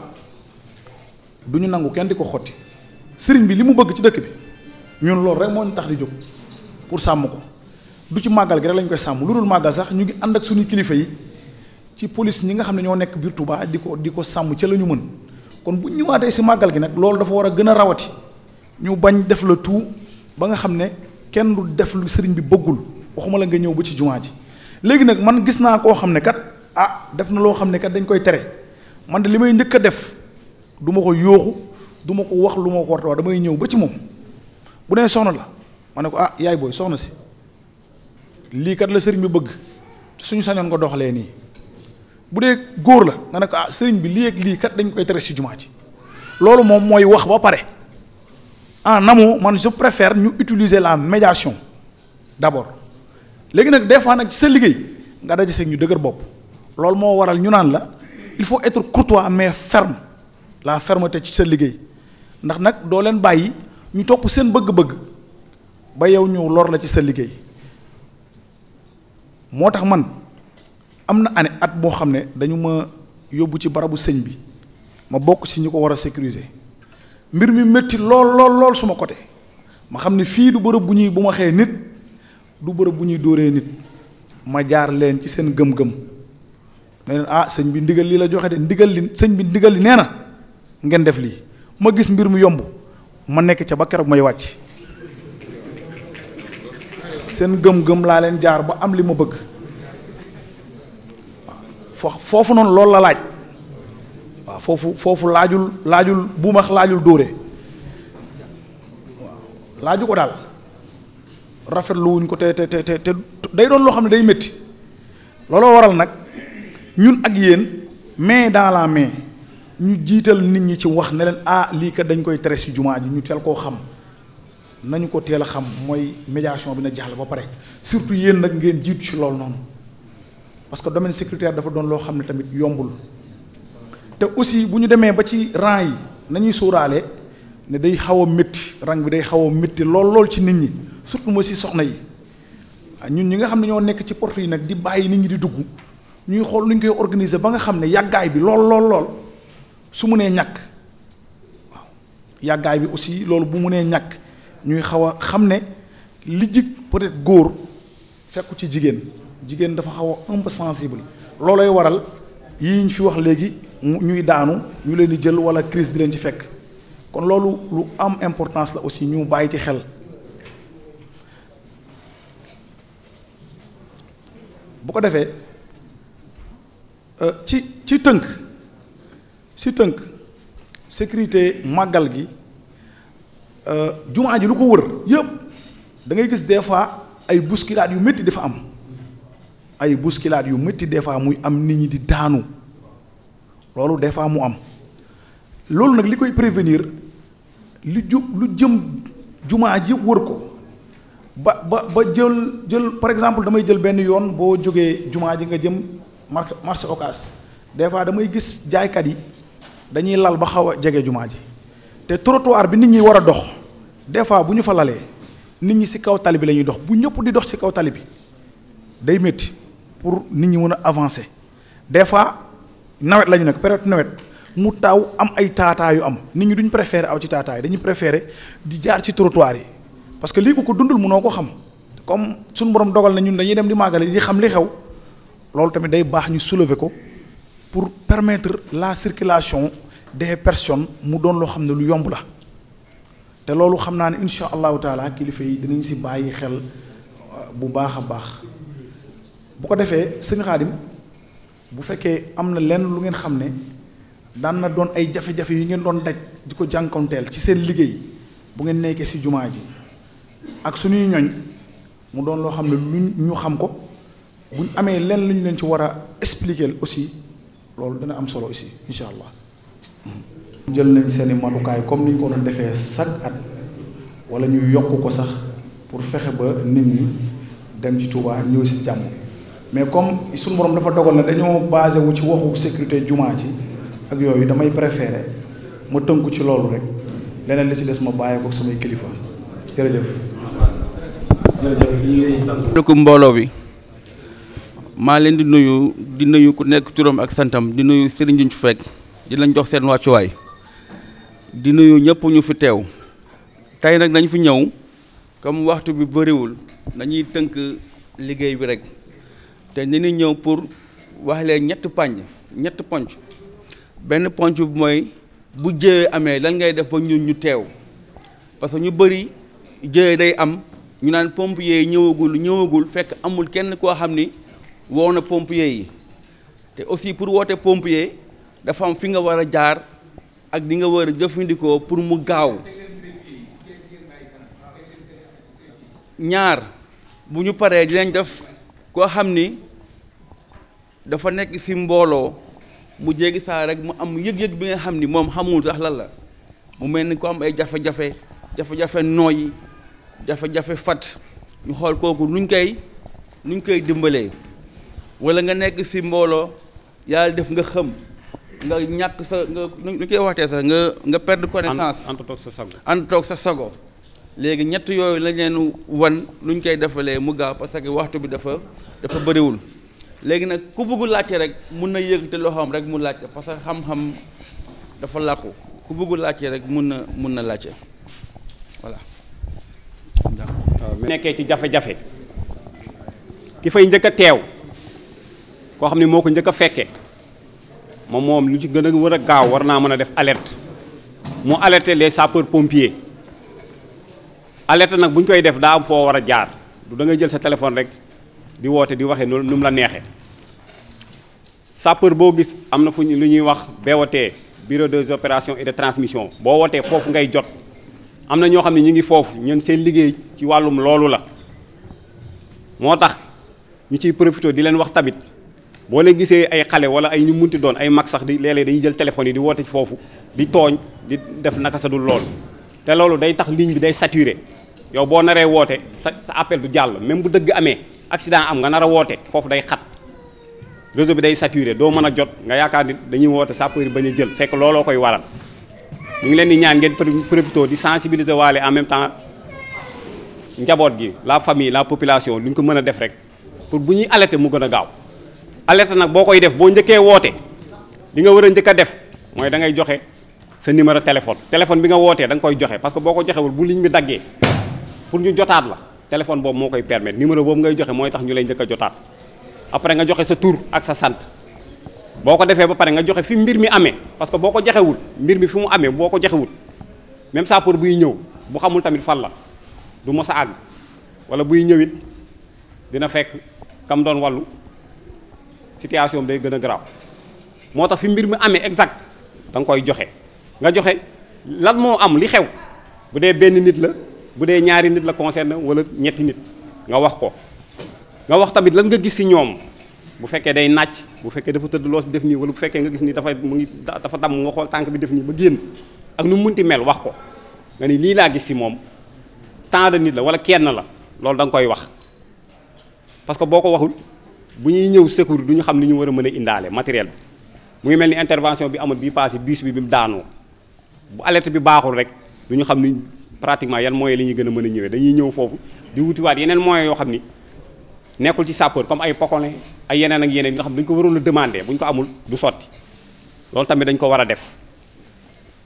du ñu nangu kenn di ko xotti sëriñ bi li mu bëgg ci dëkk bi ñun loolu rek moo tax di jóg pour sàmm ko du ci màggal gi rek lañ koy sàmm lu dul màggal sax ñu ngi ànd ak suñu kilifa yi. ci police ñi nga xam ne ñoo nekk biir Touba di ko di ko sàmm ca la ñu mën kon bu ñu ñëwaatee si màggal gi nag loolu dafa war a gën a rawati ñu bañ def la tout ba nga xam ne kenn du def sëriñ bi bëggul waxuma la nga ñëw ba ci jumaa ji léegi nag man gis naa koo xam ne kat ah def na loo xam ne kat dañ koy tere man de li may njëkk a def duma ko yooxu duma ko wax lu ma ko war wax damay ñëw ba ci moom bu nee soxna la ma ne ko ah yaay booy soxna si lii kat la sëriñ bëgg suñu sañoon ko doxalee nii. bu dee góor la nga ne ko ah, sëriñ bi lii ak lii kat dañ koy tere si jumaa ci loolu moom mooy wax ba pare en amont man je préfère ñu utiliser la médiation d'abord léegi nag des fois nag ci sa liggéey nga daje seeg ñu dëgër bopp loolu moo waral ñu naan la il faut être courtois mais ferme la fermeté ci sa liggéey ndax nag doo leen bàyyi ñu topp seen bëgg-bëgg ba yow ñëw lor la ci sa liggéey moo tax man. am na année at boo xam ne dañu ma yóbbu ci barabu sëñ bi ma bokk si ñu ko war a sécurise mbir mi metti lool lool lool suma côté ma xam ne fii du bërëb bu ñuy bu ma xee nit du bërëb bu ñuy dóoree nit ma jaar leen ci seen gëm-gëm ne leen ah, sëñ bi ndigal li la joxe de ndigal li sëñ bi ndigal li nee na ngeen def lii ma gis mbir mu yomb ma nekk ca ba keroog may wàcc seen gëm-gëm laa leen jaar ba am li ma bëgg. foofu noonu loolu la laaj waaw foofu foofu laajul laajul buumax laajul dóore waaw laaju ko daal rafetlu wuñ ko te te te te day doon loo xam ne day metti looloo waral nag ñun ak yéen mais dans la main ñu jiital nit ñi ci wax ne leen ah lii kat dañ koy tere si jumaa ji ñu teel koo xam nañu ko teel a xam mooy médiation bi na jàll ba pare surtout yéen nag ngeen jiitu ci loolu noonu parce que domaine sécuritaire dafa doon loo xam ne tamit yombul te aussi bu ñu demee ba ci rang yi nañuy suuraale ne day xaw a métti rang bi day xaw a métti lool lool ci nit ñi surtout moo si soxna yi ah, ñun ñi nga xam ne ñoo nekk ci porte yi nag di bàyyi nit ñi di dugg ñuy xool nu ñu koy organiser ba nga xam ne yàggaay bi lool lool lool su mënee ñàkk waaw yàggaay bi aussi loolu bu mënee ñàkk ñuy xaw a xam ne li jig peut-être góor fekku ci jigéen. jigéen dafa xaw a un peu sensible loolooy waral yii ñu fi wax léegi ñuy daanu ñu leen di jël wala crise di leen ci fekk kon loolu lu am importance la aussi ñu bàyyi ci xel bu ko defee euh, ci ci tënk si tënk sécurité màggal gi euh, jumaa ji lu ko wër yëpp da ngay gis des fois ay bousculade yu métti dafa am ay bousculade yu métti des fois muy am nit ñi di daanu loolu des fois mu am loolu nag li koy prévenir lu ju lu jëm jumaa ji wër ko ba ba ba jël jël par exemple damay jël benn yoon boo jógee jumaa ji nga jëm marché marché Ocass des fois damay gis jaaykat yi dañuy lal ba xaw a jege jumaa ji te trottoir bi nit ñi war a dox des fois bu ñu fa lalee nit ñi ci kaw tali bi la ñuy dox bu ñëpp di dox ci kaw tali bi day métti pour nit ñi mën a avancer des fois nawet lañu ñu nekk période nawet mu taw am ay taataa yu am nit ñi duñ préféré aw ci taataa dañuy préféré di jaar ci trottoir yi parce que lii ko ko dundul mënoo ko xam comme suñu borom dogal na ñun dañuy dem di màggale di xam li xew loolu tamit day baax ñu soulever ko pour permettre la circulation des personnes mu doon loo xam ne lu yomb la te loolu xam naa ne incha allahu taala kilifa yi dinañ si bàyyi xel euh, bu baax a baax. bu ko defee sëñ Xaadim bu fekkee am na lenn lu ngeen xam ne daan na doon ay jafe-jafe yu ngeen doon daj di ko jànkonteel ci seen liggéey bu ngeen nekkee si jumaa ji ak suñuy ñoñ mu doon loo xam ne lu ñu xam ko buñ amee lenn lu leen ci war a expliquer aussi loolu dana am solo aussi incha allah. jël nañ seen i matukaay comme ni ñu ko doon defee chaque at wala ñu yokk ko sax pour fexe ba nit ñi dem ci Touba ñëw si jàmm. mais comme su borom dafa dogal na dañoo basé wu ci waxu sécurité jumaa ji ak yooyu damay préféré ma tënku ci loolu rek leneen li ci des ma bàyyi ko samay kilifa jërëjëf. jërëjëf mbooloo bi maa leen di nuyu di nuyu ku nekk turam ak santam di nuyu sëriñ ñu fekk di lañ jox seen wàccuwaay di nuyu ñëpp ñu fi teew tey nag nañu fi ñëw comme waxtu bi bëriwul nañuy tënk liggéey bi rek. te ni ñëw pour wax ñett pàññ ñett ponc benn ponc bi mooy bu jëyee amee lan ngay def ba ñun ñu teew parce que ñu bëri jëyee day am ñu naan pompier ñëwagul ñëwagul fekk amul kenn koo xam ni woo na pompier yi te aussi pour woote pompier dafa am fi nga war a jaar ak di nga war a jëfandikoo pour mu gaaw ñaar bu ñu paree dinañ def koo xam ni dafa nekk ci mbooloo mu jéggi saa rek mu am yëg-yëg bi nga xam ni moom xamul sax lan la mu mel ni ko am ay jafe-jafe jafe-jafe nooyi jafe-jafe fat ñu xool kooku nuñ koy nuñ koy dimbalee wala nga nekk ci mbooloo yàlla def nga xëm nga ñàkk sa nga nu koy waxtee sax nga nga perdre connaissance ànd toog sa sago ànd sa sago léegi ñett yooyu lañ leen wan lu ñu koy defalee mu gaaw parce que waxtu bi dafa dafa bariwul léegi nag ku bëgg laajte rek mun na yëg te loxoom rek mu laajte parce que xam dafa làqu ku bëgg laajte rek mun na mun na laajte voilà. nekkee ci jafe-jafe ki fay njëkk a teew koo xam ne moo ko njëkk a fekke moom moom lu ci gën a war a gaaw war naa mën a def alerte mu alerter les sapeurs pompiers. alerte nag bu ñu koy def daa am foo war a jaar du da ngay jël sa téléphone rek di woote di waxee nu mu la neexee sapeur boo gis am na fu ñu lu ñuy wax BOT bureau des opérations et de transmission boo wootee foofu ngay jot am na ñoo xam ne ñu ngi foofu ñun seen liggéey ci wàllum loolu la moo tax ñu ciy profité di leen wax tamit boo leen gisee ay xale wala ay ñu munti doon ay mag sax di léeg-léeg dañuy jël téléphone yi di woote foofu di tooñ di def naka sa te loolu day tax ligne day saturé yow boo naree woote sa sa appel du jàll même bu dëgg amee accident am nga nar a woote foofu day xat réseau bi day saturé doo mën a jot nga yaakaar ni dañuy woote sapeur yi bañ a jël fekk looloo koy waral mu ngi leen di ñaan ngeen profité di sensibiliser waale en même temps njaboot gi la famille la population lu ñu ko mën a def rek pour bu ñuy alerter mu gën a gaaw alerte nag boo koy def boo njëkkee woote li nga war a njëkk a def mooy dangay joxe sa numéro téléphone téléphone bi nga wootee da nga koy joxe parce que ko joxewul bu ligne bi daggee pour ñu jotaat la téléphone boobu moo koy permettre numéro boobu ngay joxe mooy tax ñu lay njëkk a jotaat après nga joxe sa tur ak sa sant boo ko defee ba pare nga joxe fi mbir mi amee parce que boo ko joxewul mbir mi fi mu amee boo ko joxewul même sapeur buy ñëw bu xamul tamit fan la du mos a àgg wala buy ñëwit dina fekk kam doon wàllu situation day gën a grave moo tax fi mbir mi amee exact da nga koy joxe nga joxe lan moo am li xew bu dee benn nit la bu dee ñaari nit la na wala ñetti nit nga wax ko nga wax tamit lan nga gis si ñoom bu fekkee day nàcc bu fekkee dafa tëdd loos def nii wala bu fekkee nga gis ni dafa mu ngi dafa damm nga xool tànk bi def nii ba génn ak nu ti mel wax ko nga ni lii laa gis si moom temps de nit la wala kenn la loolu danga koy wax parce que boo ko waxul bu ñuy ñëw secours du ñu xam li ñu war a mën a indaale matériel bi mu ngi mel ni intervention bi amoon bii passé biis bi bi mu daanoo alerte bi baaxul rek xam ni pratiquement yan moyens la ñuy gën a mën a ñëwee dañuy ñëw foofu di wutiwaat yeneen moyens yoo xam ni nekkul ci sapeur comme ay pokolin ay yeneen ak yeneen yi nga xam dañ ko waroon a demander bu ko amul du sotti loolu tamit dañ ko war a def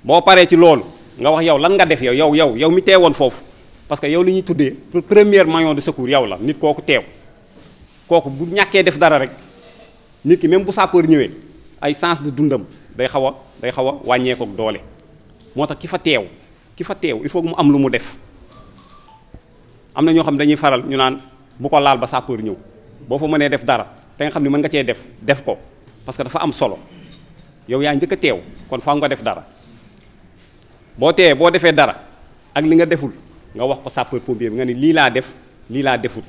boo paree ci loolu nga wax yow lan nga def yow yow yow yow mi teewoon foofu parce que yow li ñuy tuddee première maillon de secours yow la nit kooku teew kooku bu ñàkkee def dara rek nit ki même bu sapeur ñëwee ay sens de day xaw a day xaw a wàññeekook doole moo tax ki fa teew ki fa teew il faut mu am lu mu def am na ñoo xam ne dañuy faral ñu naan bu ko laal ba sapeur ñëw boo fa mënee def dara te nga xam ne mën nga cee def def ko parce que dafa am solo yow yaa njëkk a teew kon faaw nga def dara boo teewee boo defee dara ak li nga deful nga wax ko sapeur pompier bi nga ne lii laa def lii laa deful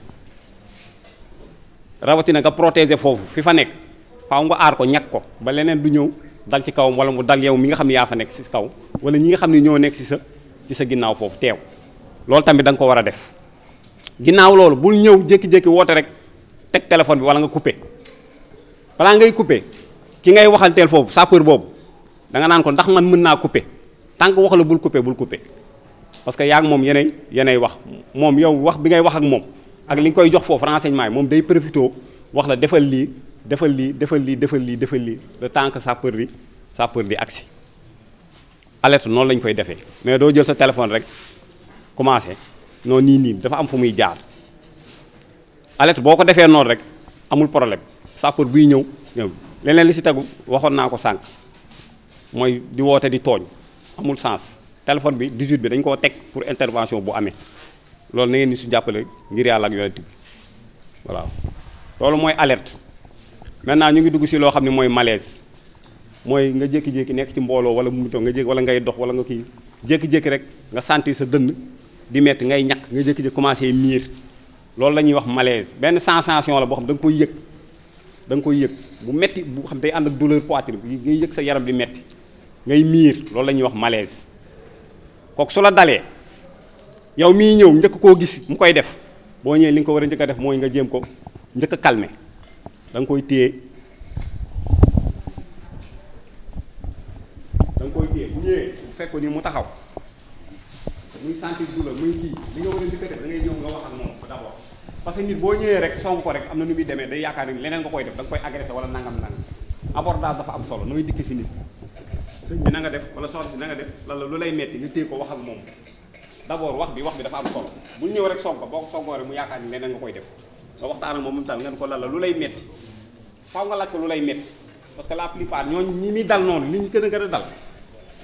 rawatina nga protéger foofu fi fa nekk faaw nga aar ko ñag ko ba leneen du ñëw dal ci kawam wala mu dal yow mi nga xam ne yaa fa nekk ci kaw wala ñi xam ne ñoo nekk ci sa. ci sa ginnaaw foofu teew loolu tamit da nga ko war a def ginnaaw loolu bul ñëw jékki-jékki woote rek teg téléphone bi wala nga coupé balaa ngay coupé ki ngay waxal teel foofu sapeur boobu da nga naan ko ndax man mën naa coupé tànk wax la bul coupé bul coupé parce que yaa moom yeneen yeneen wax moom yow wax bi ngay wax ak moom ak li nga koy jox foofu renseignement yi moom day profité wax la defal lii defal lii defal lii defal lii defal lii le temps que sapeur bi sapeur bi agsi alerte noonu lañ koy defee mais doo jël sa téléphone rek commencé noonu nii nii dafa am fu muy jaar alerte boo ko defee noonu rek amul problème sàppar buy ñëw ñëw leneen li si tegu waxoon naa ko sànq mooy di woote di tooñ amul sens téléphone bi 18 bi dañ koo teg pour intervention bu amee loolu na ngeen su jàppale ngir yàlla ak yonent bi voilà loolu mooy alerte maintenant ñu ngi dugg si loo xam ne mooy malaise mooy nga jékki-jékki nekk ci mbooloo wala mu nga jékki wala ngay dox wala nga kii jékki-jékki rek nga sentir sa dënn di metti ngay ñaq nga jékki-jékki commencé miir loolu la ñuy wax malaise benn sensation la boo xam da nga koy yëg danga koy yëg bu metti bu xam day ànd ak douleur poitrine bi ngay yëg sa yaram di metti ngay miir loolu la ñuy wax malaise kooku su la dalee yow mii ñëw njëkk koo gis mu koy def boo ñëwee li nga ko war a njëkk a def mooy nga jéem ko njëkk a da nga koy téye da nga koy téye bu ñëwee bu fekkoon ni mu taxaw muy sentir douleur muy kii li nga war a njëkk def da ngay ñëw nga que nit boo ñëwee rek song ko am na nu muy demee day yaakaar ni leneen nga koy def da nga koy agressé wala nangam nangam abordage dafa solo nooy dikkee si nit sëñ na nga def wala soxna si na nga def lay metti ko wax ak moom d'abord wax bi wax bi dafa am solo bu ñëw rek song ko boo ko mu yaakaar ni leneen nga koy def nga waxtaan moom mu tal ko lan la lu lay metti faaw nga laaj ko lu lay metti parce que la plupart ñooñu ñi muy dal noonu li ñu gën a gën a dal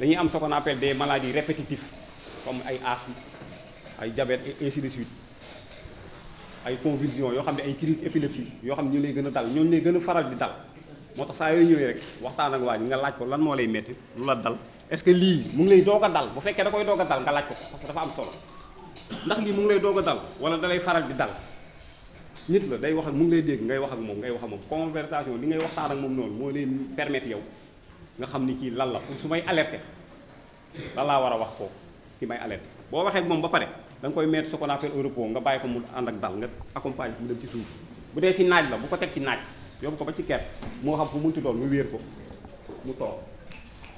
dañuy am ce qu'on appelle des maladies répétitives comme ay asthme ay diabète et ainsi de suite ay convulsions yoo xam ne ay crise épilepsie yoo xam ne ñu lay gën a dal ñooñu lay gën a faral di dal moo tax saa yoo ñëwee rek waxtaan ak waa ji nga laaj ko lan moo lay metti lu la dal est-ce que lii mu ngi lay doog dal bu fekkee da koy doog a dal nga laaj ko parce que dafa am solo ndax lii mu ngi lay doog dal wala da lay faral di dal nit la day wax ak mu ngi lay wax ak moom wax ak moom conversation li ngay waxtaan ak moom noonu moo lay permettre yow nga xam ni kii lan la pour su may alerté lan laa war a wax kooku ki may alerté boo waxee moom ba pare da nga koy mettre ce qu'on appelle au repos nga bàyyi ko mu ànd ak dal nga accompagne mu dem ci suuf bu dee si naaj la bu ko teg ci naaj yóbbu ko ba ci ker moo xam fu munti doon mu wéer ko mu toog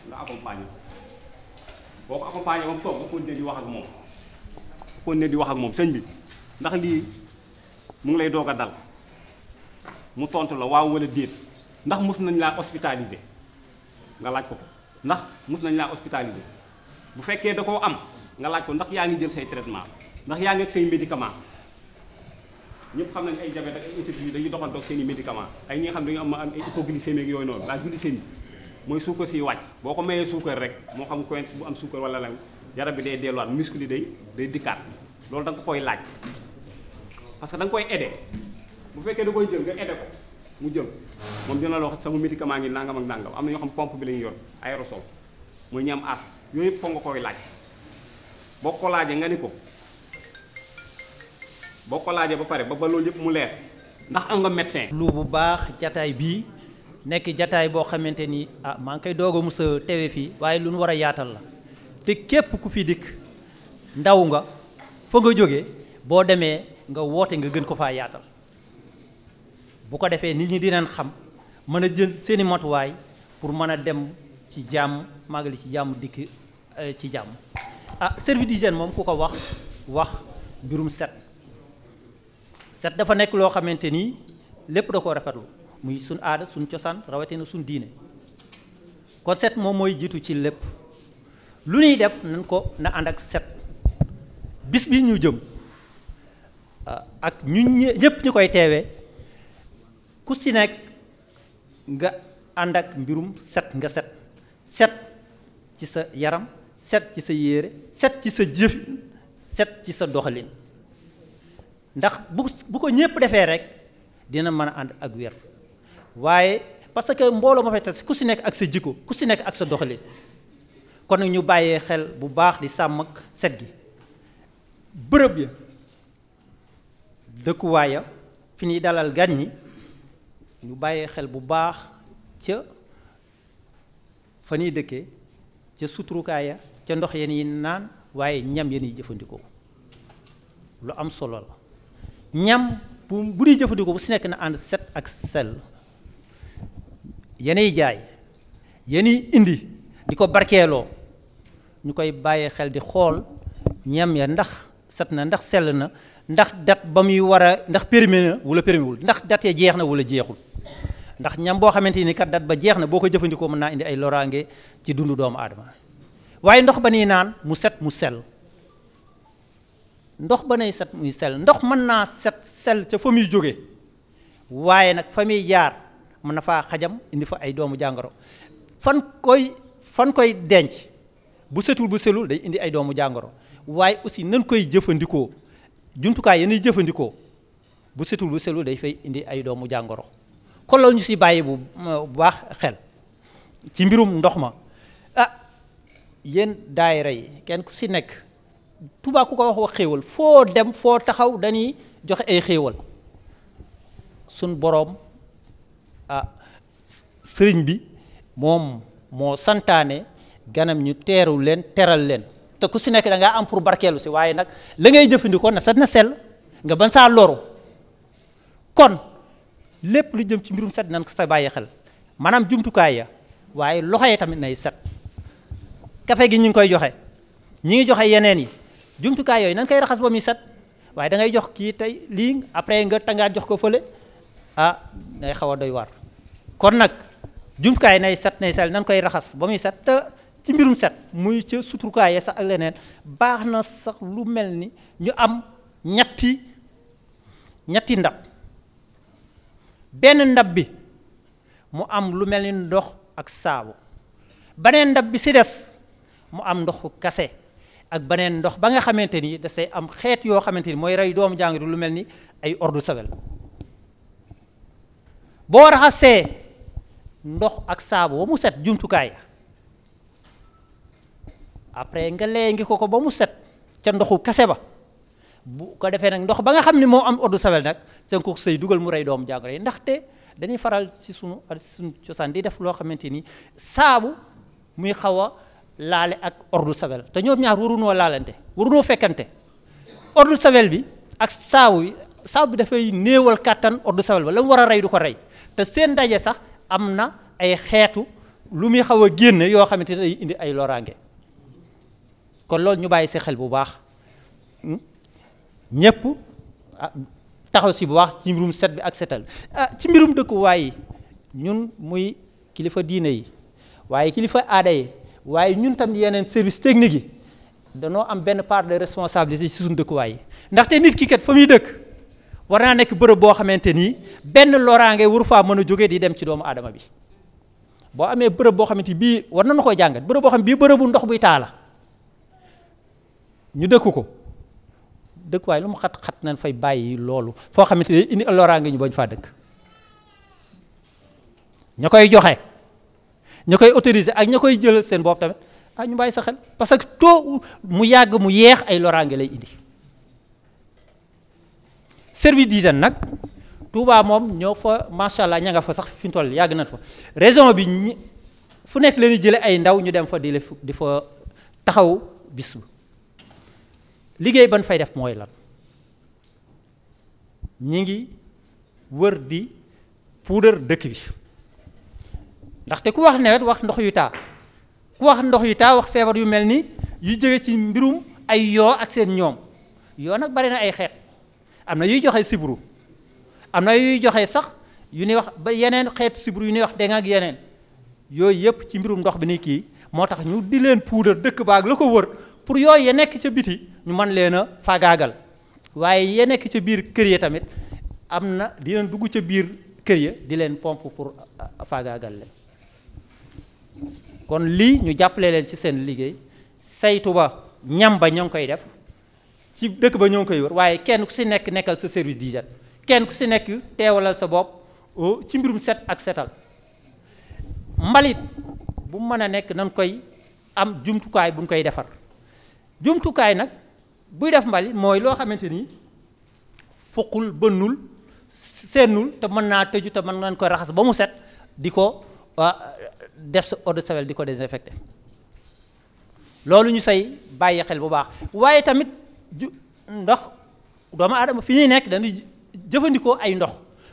nga accompagner boo ko accompagner ba mu toog ba continuer di wax ak moom continuer di wax ak moom sëñ bi ndax lii mu ngi lay doog a dal mu tontu la waaw wala déet ndax mos nañ laa hospitalisé nga laaj ko ko ndax mus nañ laa hospitalisé bu fekkee da koo am nga laaj ko ndax yaa ngi jël say traitement ndax yaa ngi ak say médicament ñëpp xam nañ ay diabète ak ay insuline dañuy doxantoog seen i médicament ay ñi nga xam dañu am am ay hypoglycémie yooyu noonu la glycémie mooy suukar siy wàcc boo ko mayee suukar rek moo xam coin bu am suukar wala lan yaram bi day delluwaat muscle yi day day dikkaat loolu danga koy laaj parce que danga koy aidé bu fekkee da koy jël nga aidé mu jël moom dina la wax sama médicament ngi nangam ak nangam am na ñoo xam pompe bi la ñu yor aérosol muy ñam aat yooyu yëpp ko nga koy laaj boo ko laajee nga ni ko boo ko laajee ba pare ba ba loolu yëpp mu leer ndax am nga médecin. lu bu baax jataay bii nekk jataay boo xamante ni ah maa ngi koy doog a mus a fii waaye lu nu war a yaatal la te képp ku fi dikk ndaw nga fa nga jóge boo demee nga woote nga gën ko faa yaatal. bu ko defee nit ñi dinañ xam mën a jël seeni matuwaay pour mën a dem ci jàmm màggali ci jàmm dikk euh, ci jàmm ah service d'hygiène moom ku ko wax wax mbirum set set dafa nekk loo xamante ni lépp da koo rafetlu muy suñ aada suñ cosaan rawatina suñ diine kon set moom mooy jiitu ci lépp lu ñuy def nañ ko na ànd ak set bis bi ñu jëm ah, ak ñun ñëpp ñu koy teewee ku si nekk nga ànd ak mbirum set nga set set ci sa yaram set ci sa yére set ci sa jëf set ci sa doxalin ndax bu bu ko ñépp defee rek dina mën a ànd ak wér waaye parce que mbooloo ma fay tas ku si nekk ak sa jikko ku si nekk ak sa doxalin kon nag ñu bàyyee xel bu baax di sàmm ak set gi bërëb ya dëkkuwaaya fi ñuy dalal gan ñi ñu bàyyee xel bu baax ca fan yi dëkkee ca ya ca ndox yeen yi naan waaye ñam yeen yi jëfandikoo lu am solo la ñam bu bu ñuy jëfandikoo bu si nekk na ànd set ak sel yeney jaay yeniy indi di ko barkeeloo ñu koy bàyyee xel di xool ñam ya ndax set na ndax sel na ndax dat ba muy war a ndax périmé na wala périmé wul ndax date ya jeex na wala jeexul ndax ñam boo xamante ni kat date ba jeex na boo ko jëfandikoo mën naa indi ay loraange ci dundu doomu aadama waaye ndox ba nuy naan mu set mu sel ndox ba nay set muy sell ndox mën naa set sel ca fa muy jóge waaye nag fa muy jaar mën na faa xajam indi fa ay doomu jàngoro fan koy fan koy denc bu setul bu selul day indi ay doomu jàngoro waaye aussi nan koy jëfandikoo jumtukaay yeneen jëfandikoo bu setul bu selul day fay indi ay doomu jàngoro kon ñu si bàyyi bu baax xel ci mbirum ndox ma ah yéen daay rey kenn ku si nekk tubaa ku ko wax wax xéewal foo dem foo taxaw dañuy joxe ay xéewal sun boroom ah sëriñ bi moom moo santaane ganam ñu teeru leen teral leen te ku si nekk da ngaa am pour barkeelu si waaye nag la ngay jëfandikoo na set na sel nga ban saa loru kon lépp lu jëm ci mbirum set nan ko sa bàyyi xel maanaam jumtukaay ya waaye loxo yi tamit nay set kafe gi ñu ngi koy joxe ñu ngi joxe yeneen yi jumtukaay yooyu nan koy raxas ba muy set waaye da ngay jox kii tey lii après nga tangaat jox ko fële ah day xaw a doy waar kon nag jumtukaay nay set nay sel nan koy raxas ba muy set ci mbirum set muy ca suturukaay sax ak leneen baax na sax lu mel ni ñu am ñetti ñetti ndab benn ndab bi mu am lu mel ni ndox ak saabu beneen ndab bi ci des mu am ndoxu kase ak beneen ndox ba nga xamante ni da say am xeet yoo xamante ni mooy rey doomu jàngir lu mel ni ay ordu sawel boo raxasee ndox ak saabu ba mu set jumtukaay après nga léegi ko ko ba mu set ca ndoxu kase ba bu ko defee nag ndox ba nga xam ne moo am eau de nag seen ko sëy dugal mu rey doomu jàngoro yi ndaxte dañuy faral si sunu suñu cosaan di def loo xamante ni saabu muy xaw a laale ak eau de Javel te ñoom ñaar warunoo laalante warunoo fekkante eau de bi ak saabu bi saabu bi dafay néewal kàttan eau de Javel ba la mu war a rey du ko rey te seen daje sax am na ay xeetu lu muy xaw a génn yoo xamante ne day indi ay loraange kon lool ñu bàyyi si xel bu baax hmm? ñëpp ah, taxaw si bu baax ci mbirum set bi ak setal ah ci mbirum dëkkuwaay yi ñun muy kilifa diine yi waaye kilifa aada yi waaye ñun tam yeneen service technique yi danoo am benn part de responsabilité si suñu dëkkuwaay yi ndaxte nit ki kat fa muy dëkk war naa nekk bërëb boo xamante nii benn loraange waru faa mën a jóge di dem ci doomu aadama bi boo amee bërëb boo xamante bii war na nañu koy jàngat bërëb boo xam bii bërëbu ndox buy taala ñu dëkku ko dëkkuwaay lu mu xat-xat nañ fay bàyyi loolu foo xamante ne indi loraange ñu bañ faa dëkk ñu koy joxe ñu koy autorisé ak ñu koy jël seen bopp tamit ah ñu bàyyi sa xel parce que tôt mu yàgg mu yeex ay loraange lay indi service d'hygiène nag Touba moom ñoo fa macha allah ñanga fa sax fi mu toll yàgg nañ fa raison bi ñi fu nekk la ñuy jëlee ay ndaw ñu dem fa di la di fa taxaw bis. liggéey ban fay def mooy lan ñi ngi wër di puudar dëkk bi ndaxte ku wax nawet wax ndox yu taa ku wax ndox yu taa wax feebar yu mel ni yu jóge ci mbirum ay yoo ak seen ñoom yoo nag bari na ay xeet am na yuy joxe sibru am na yuy joxe sax yu ñuy wax ba yeneen xeetu sibru yu ñuy wax dégg ak yeneen yooyu yëpp ci mbirum ndox bi ni kii moo tax ñu di leen puudar dëkk baag la ko wër pour yooyu ya nekk ca biti ñu mën leen a fagaagal waaye ya nekk ca biir kër ya tamit am na di leen dugg ca biir kër ya di leen pompe pour fagaagal leen kon lii ñu jàppale leen ci seen liggéey saytu ba ñam ba ñoo ngi koy def ci dëkk ba ñoo ngi koy wër waaye kenn ku si nekk nekkal sa service di d'hygiène kenn ku si nekk teewalal sa bopp oh, ci mbirum set ak setal mbalit bu mën a nekk nan koy am jumtukaay buñ koy defar jumtukaay nag buy def mbalit mooy loo xamante ni fuqul bënnul sennul te mën naa tëju te mën nañ koy raxas ba mu set di ko ah, def sa eau de di ko désinfecté loolu ñu say bàyyi xel bu baax waaye tamit ju ndox doomu aadama fi ñuy nekk dañuy jëfandikoo ay ndox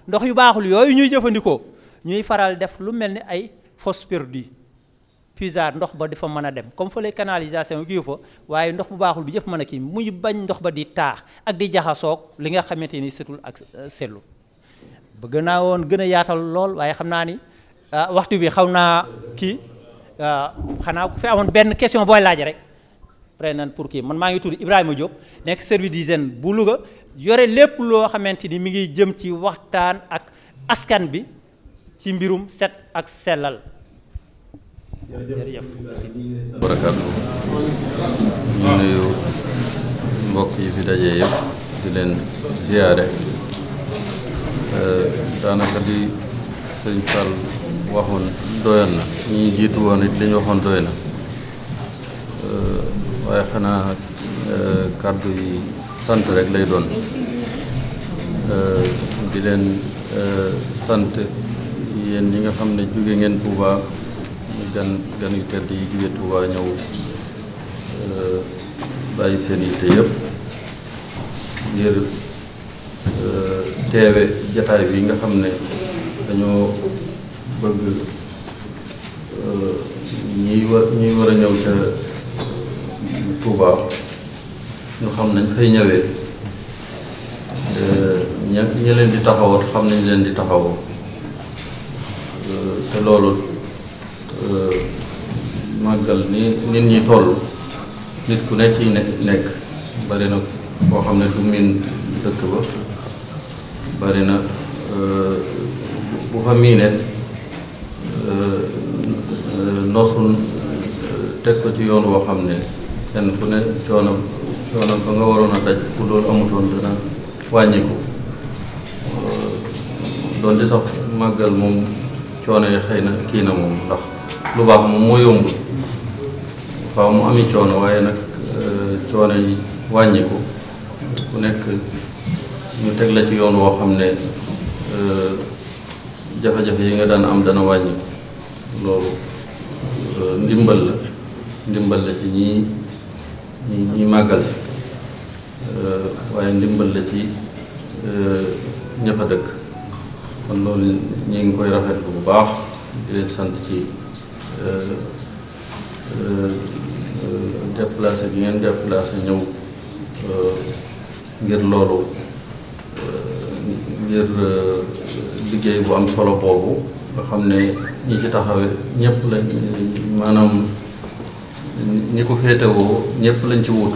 ndox yu baaxul yooyu ñuy jëfandikoo ñuy faral def lu mel ni ay phosphoridés puisard ndox ba di fa mën a dem comme fële canalisation bi fa waaye ndox bu baaxul bi yëpp mën a kii muy bañ ndox ba di taax ak di jaxasoog li nga xamante ni setul ak seetlu euh, bëgg naa woon gën a yaatal lool waaye xam naa ni euh, waxtu bi xaw naa kii euh, xanaa ku fi amoon benn question booy laaj rek pare nan pour kii man maa ngi tudd Ibrahima jóg nekk service d'hygiène bu luga yore lépp loo xamante ni mi ngi jëm ci waxtaan ak askan bi ci mbirum set ak sellal jërëjëf barakaatu ñu nuyu mbokk yi fi dajee yëpp di leen ziyaare euh, daanaka di sëñ Fall waxoon doyoon na ñi jiitu woon it li waxoon doy na euh, waaye xanaa euh, kàddu yi sant rek lay doon di leen sant yéen ñi nga xam ne jóge ngeen Tuubaa muy gan gan yu tedd yi jóge Tuubaa ñëw euh, bàyyi seen yitte yëpp ngir euh, teewe jataay bi nga xam ne dañoo bëgg euh, ñiy war ñiy war a ñëw ca Tuubaa ñu xam nañ fay ñëwee ña ña leen di taxawoo xam nañ leen di taxawoo te loolu Euh, màggal ni nit ñi toll nit ku ne ci nekk bari na koo xam ne du miin dëkk ba bari na euh, bu fa miinee euh, nosul teg ko ci yoon woo xam ne kenn ku ne coono coono ba nga waroon a daj bu loolu amutoon dana wàññiku doon di sax màggal moom coono yi xëy na kii na moom ndax lu baax moom moo yomb faaw mu ami coono waaye nag euh, coono yi wàññiku ku nekk ñu teg la ci yoon woo xam ne euh, jafe-jafe yi nga daan am dana wàññiku loolu euh, ndimbal la ndimbal la ci ñi ñi ñi màggal si waaye ndimbal la ci ña fa dëkk kon loolu ñu ngi koy rafetlu bu baax di leen sant ci Euh, euh, déplacé bi ngeen déplacé ñëw euh, ngir loolu ngir liggéey bu am solo boobu nga xam ne ñi ci taxawe ñëpp lañ maanaam ñi ko féetewoo ñëpp lañ ci wut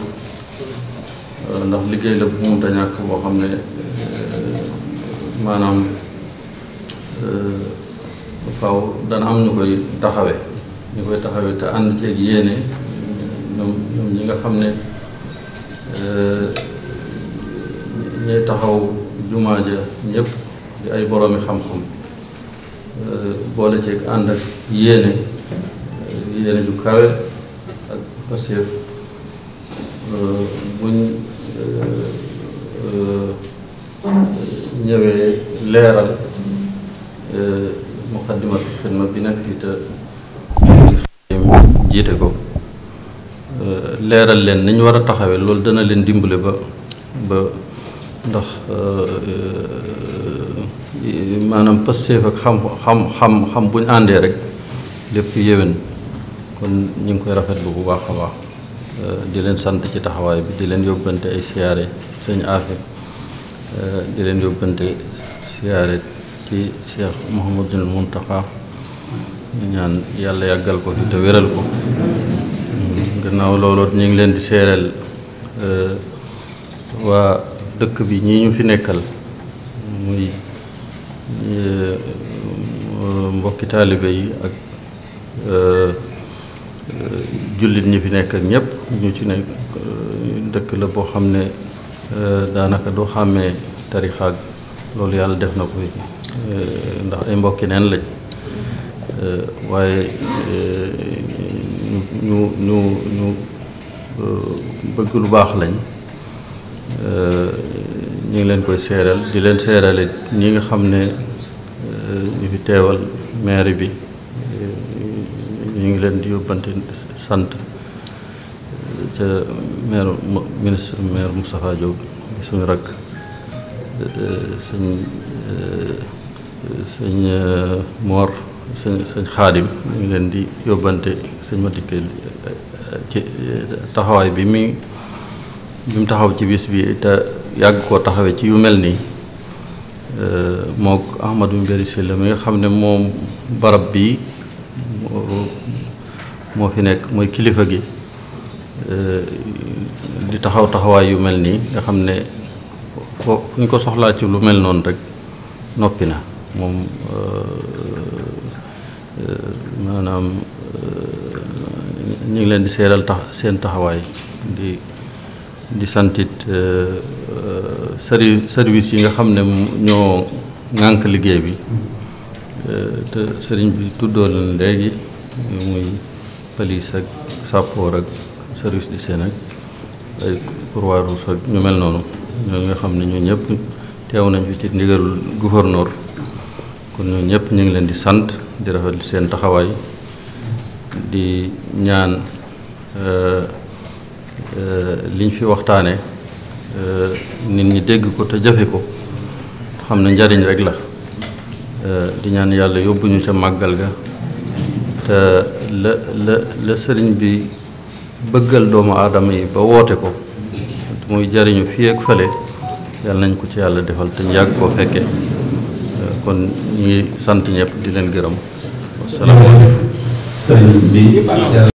ndax liggéey la bu mënta ñàkk boo xam ne maanaam faw dana am ñu koy taxawe ñu koy taxawee te ànd ceeg yéene ñoom ñoom ñi nga xam ne euh, ñuy taxaw jumaa ja ñëpp di ay boroomi xam-xam euh, boole ceeg ànd ak yéene yéene ju kawe ak pasir euh, buñ ñëwee leeral muqaddimatul xidma bi nag fii te jiite ko euh, leeral leen ni war a taxawee loolu dana leen dimbale ba ba ndax euh, euh, maanaam pasteef ak xam xam xam xam buñ àndee rek lépp yéwén kon ñu ngi koy rafetlu bu baax a baax di leen sant ci taxawaay bi di leen yóbbante ay siyaare sëñ Afe di leen yóbbante siyaare ci Cheikh Mouhamadul Mountakha ñaan yàlla yàggal ko fi te wéral ko gannaaw loolu ñu ngi leen di seereel euh, waa dëkk bi ñii ñu fi nekkal muy euh, mbokki taalibe yi ak euh, jullit ñi fi nekk ak ñëpp ñu ci nekk dëkk la boo xam ne daanaka doo xàmmee tarixa loolu yàlla def na ko fi ndax ay mbokki neen lañ Euh, waaye euh, ñu ñu ñu euh, bëgg lu baax lañ ñu ngi leen koy seeral di leen seerale ñi nga xam ne ñu fi teewal maire bi ñu ngi leen di yóbbante sant ca maire ministre maire Moustapha Diop suñu rakk sëñ sëñ sëñ sëñ xaadim mu ngi leen di yóbbante sëñ ma dikkee taxawaay bi muy bi mu taxaw ci bis bi te yàgg koo taxawee ci yu mel nii euh, mook Ahmadou Mbéri Sylla mi nga xam ne moom barab bi moo fi nekk mooy kilifa gi euh, di taxaw taxawaay yu mel nii nga xam ne foo fu ñu ko soxlaa ci lu mel noonu rek noppi na moom euh, maanaam ñu ngi leen di seeral tax seen taxawaay di di santit eh, eh, seri service yi nga xam ne ñoo ŋànk liggéey bi eh, te sëriñ bi tuddoo leen léegi muy police ak sappoor ak service seen Sénégal ay Croix-Rouge ak ñu mel noonu ñoo nga xam ne ñu ñëpp teew nañ fi ci ndigalul gouverneur kon ñoo ñëpp ñu ngi leen di sant di rafetlu seen taxawaay di ñaan euh, euh, liñ fi waxtaane euh, nit ñi dégg ko te jafe ko xam ne njariñ rek la di ñaan yàlla yóbbuñu ca màggal ga te la la la sëriñ bi bëggal doomu aadama yi ba woote ko muy jariñu fii fële yàlla nañ ko ci yàlla defal te ñu yàgg koo fekkee kon ñuy sant ñëpp di leen gërëm wasalaamaaleykum sëriñ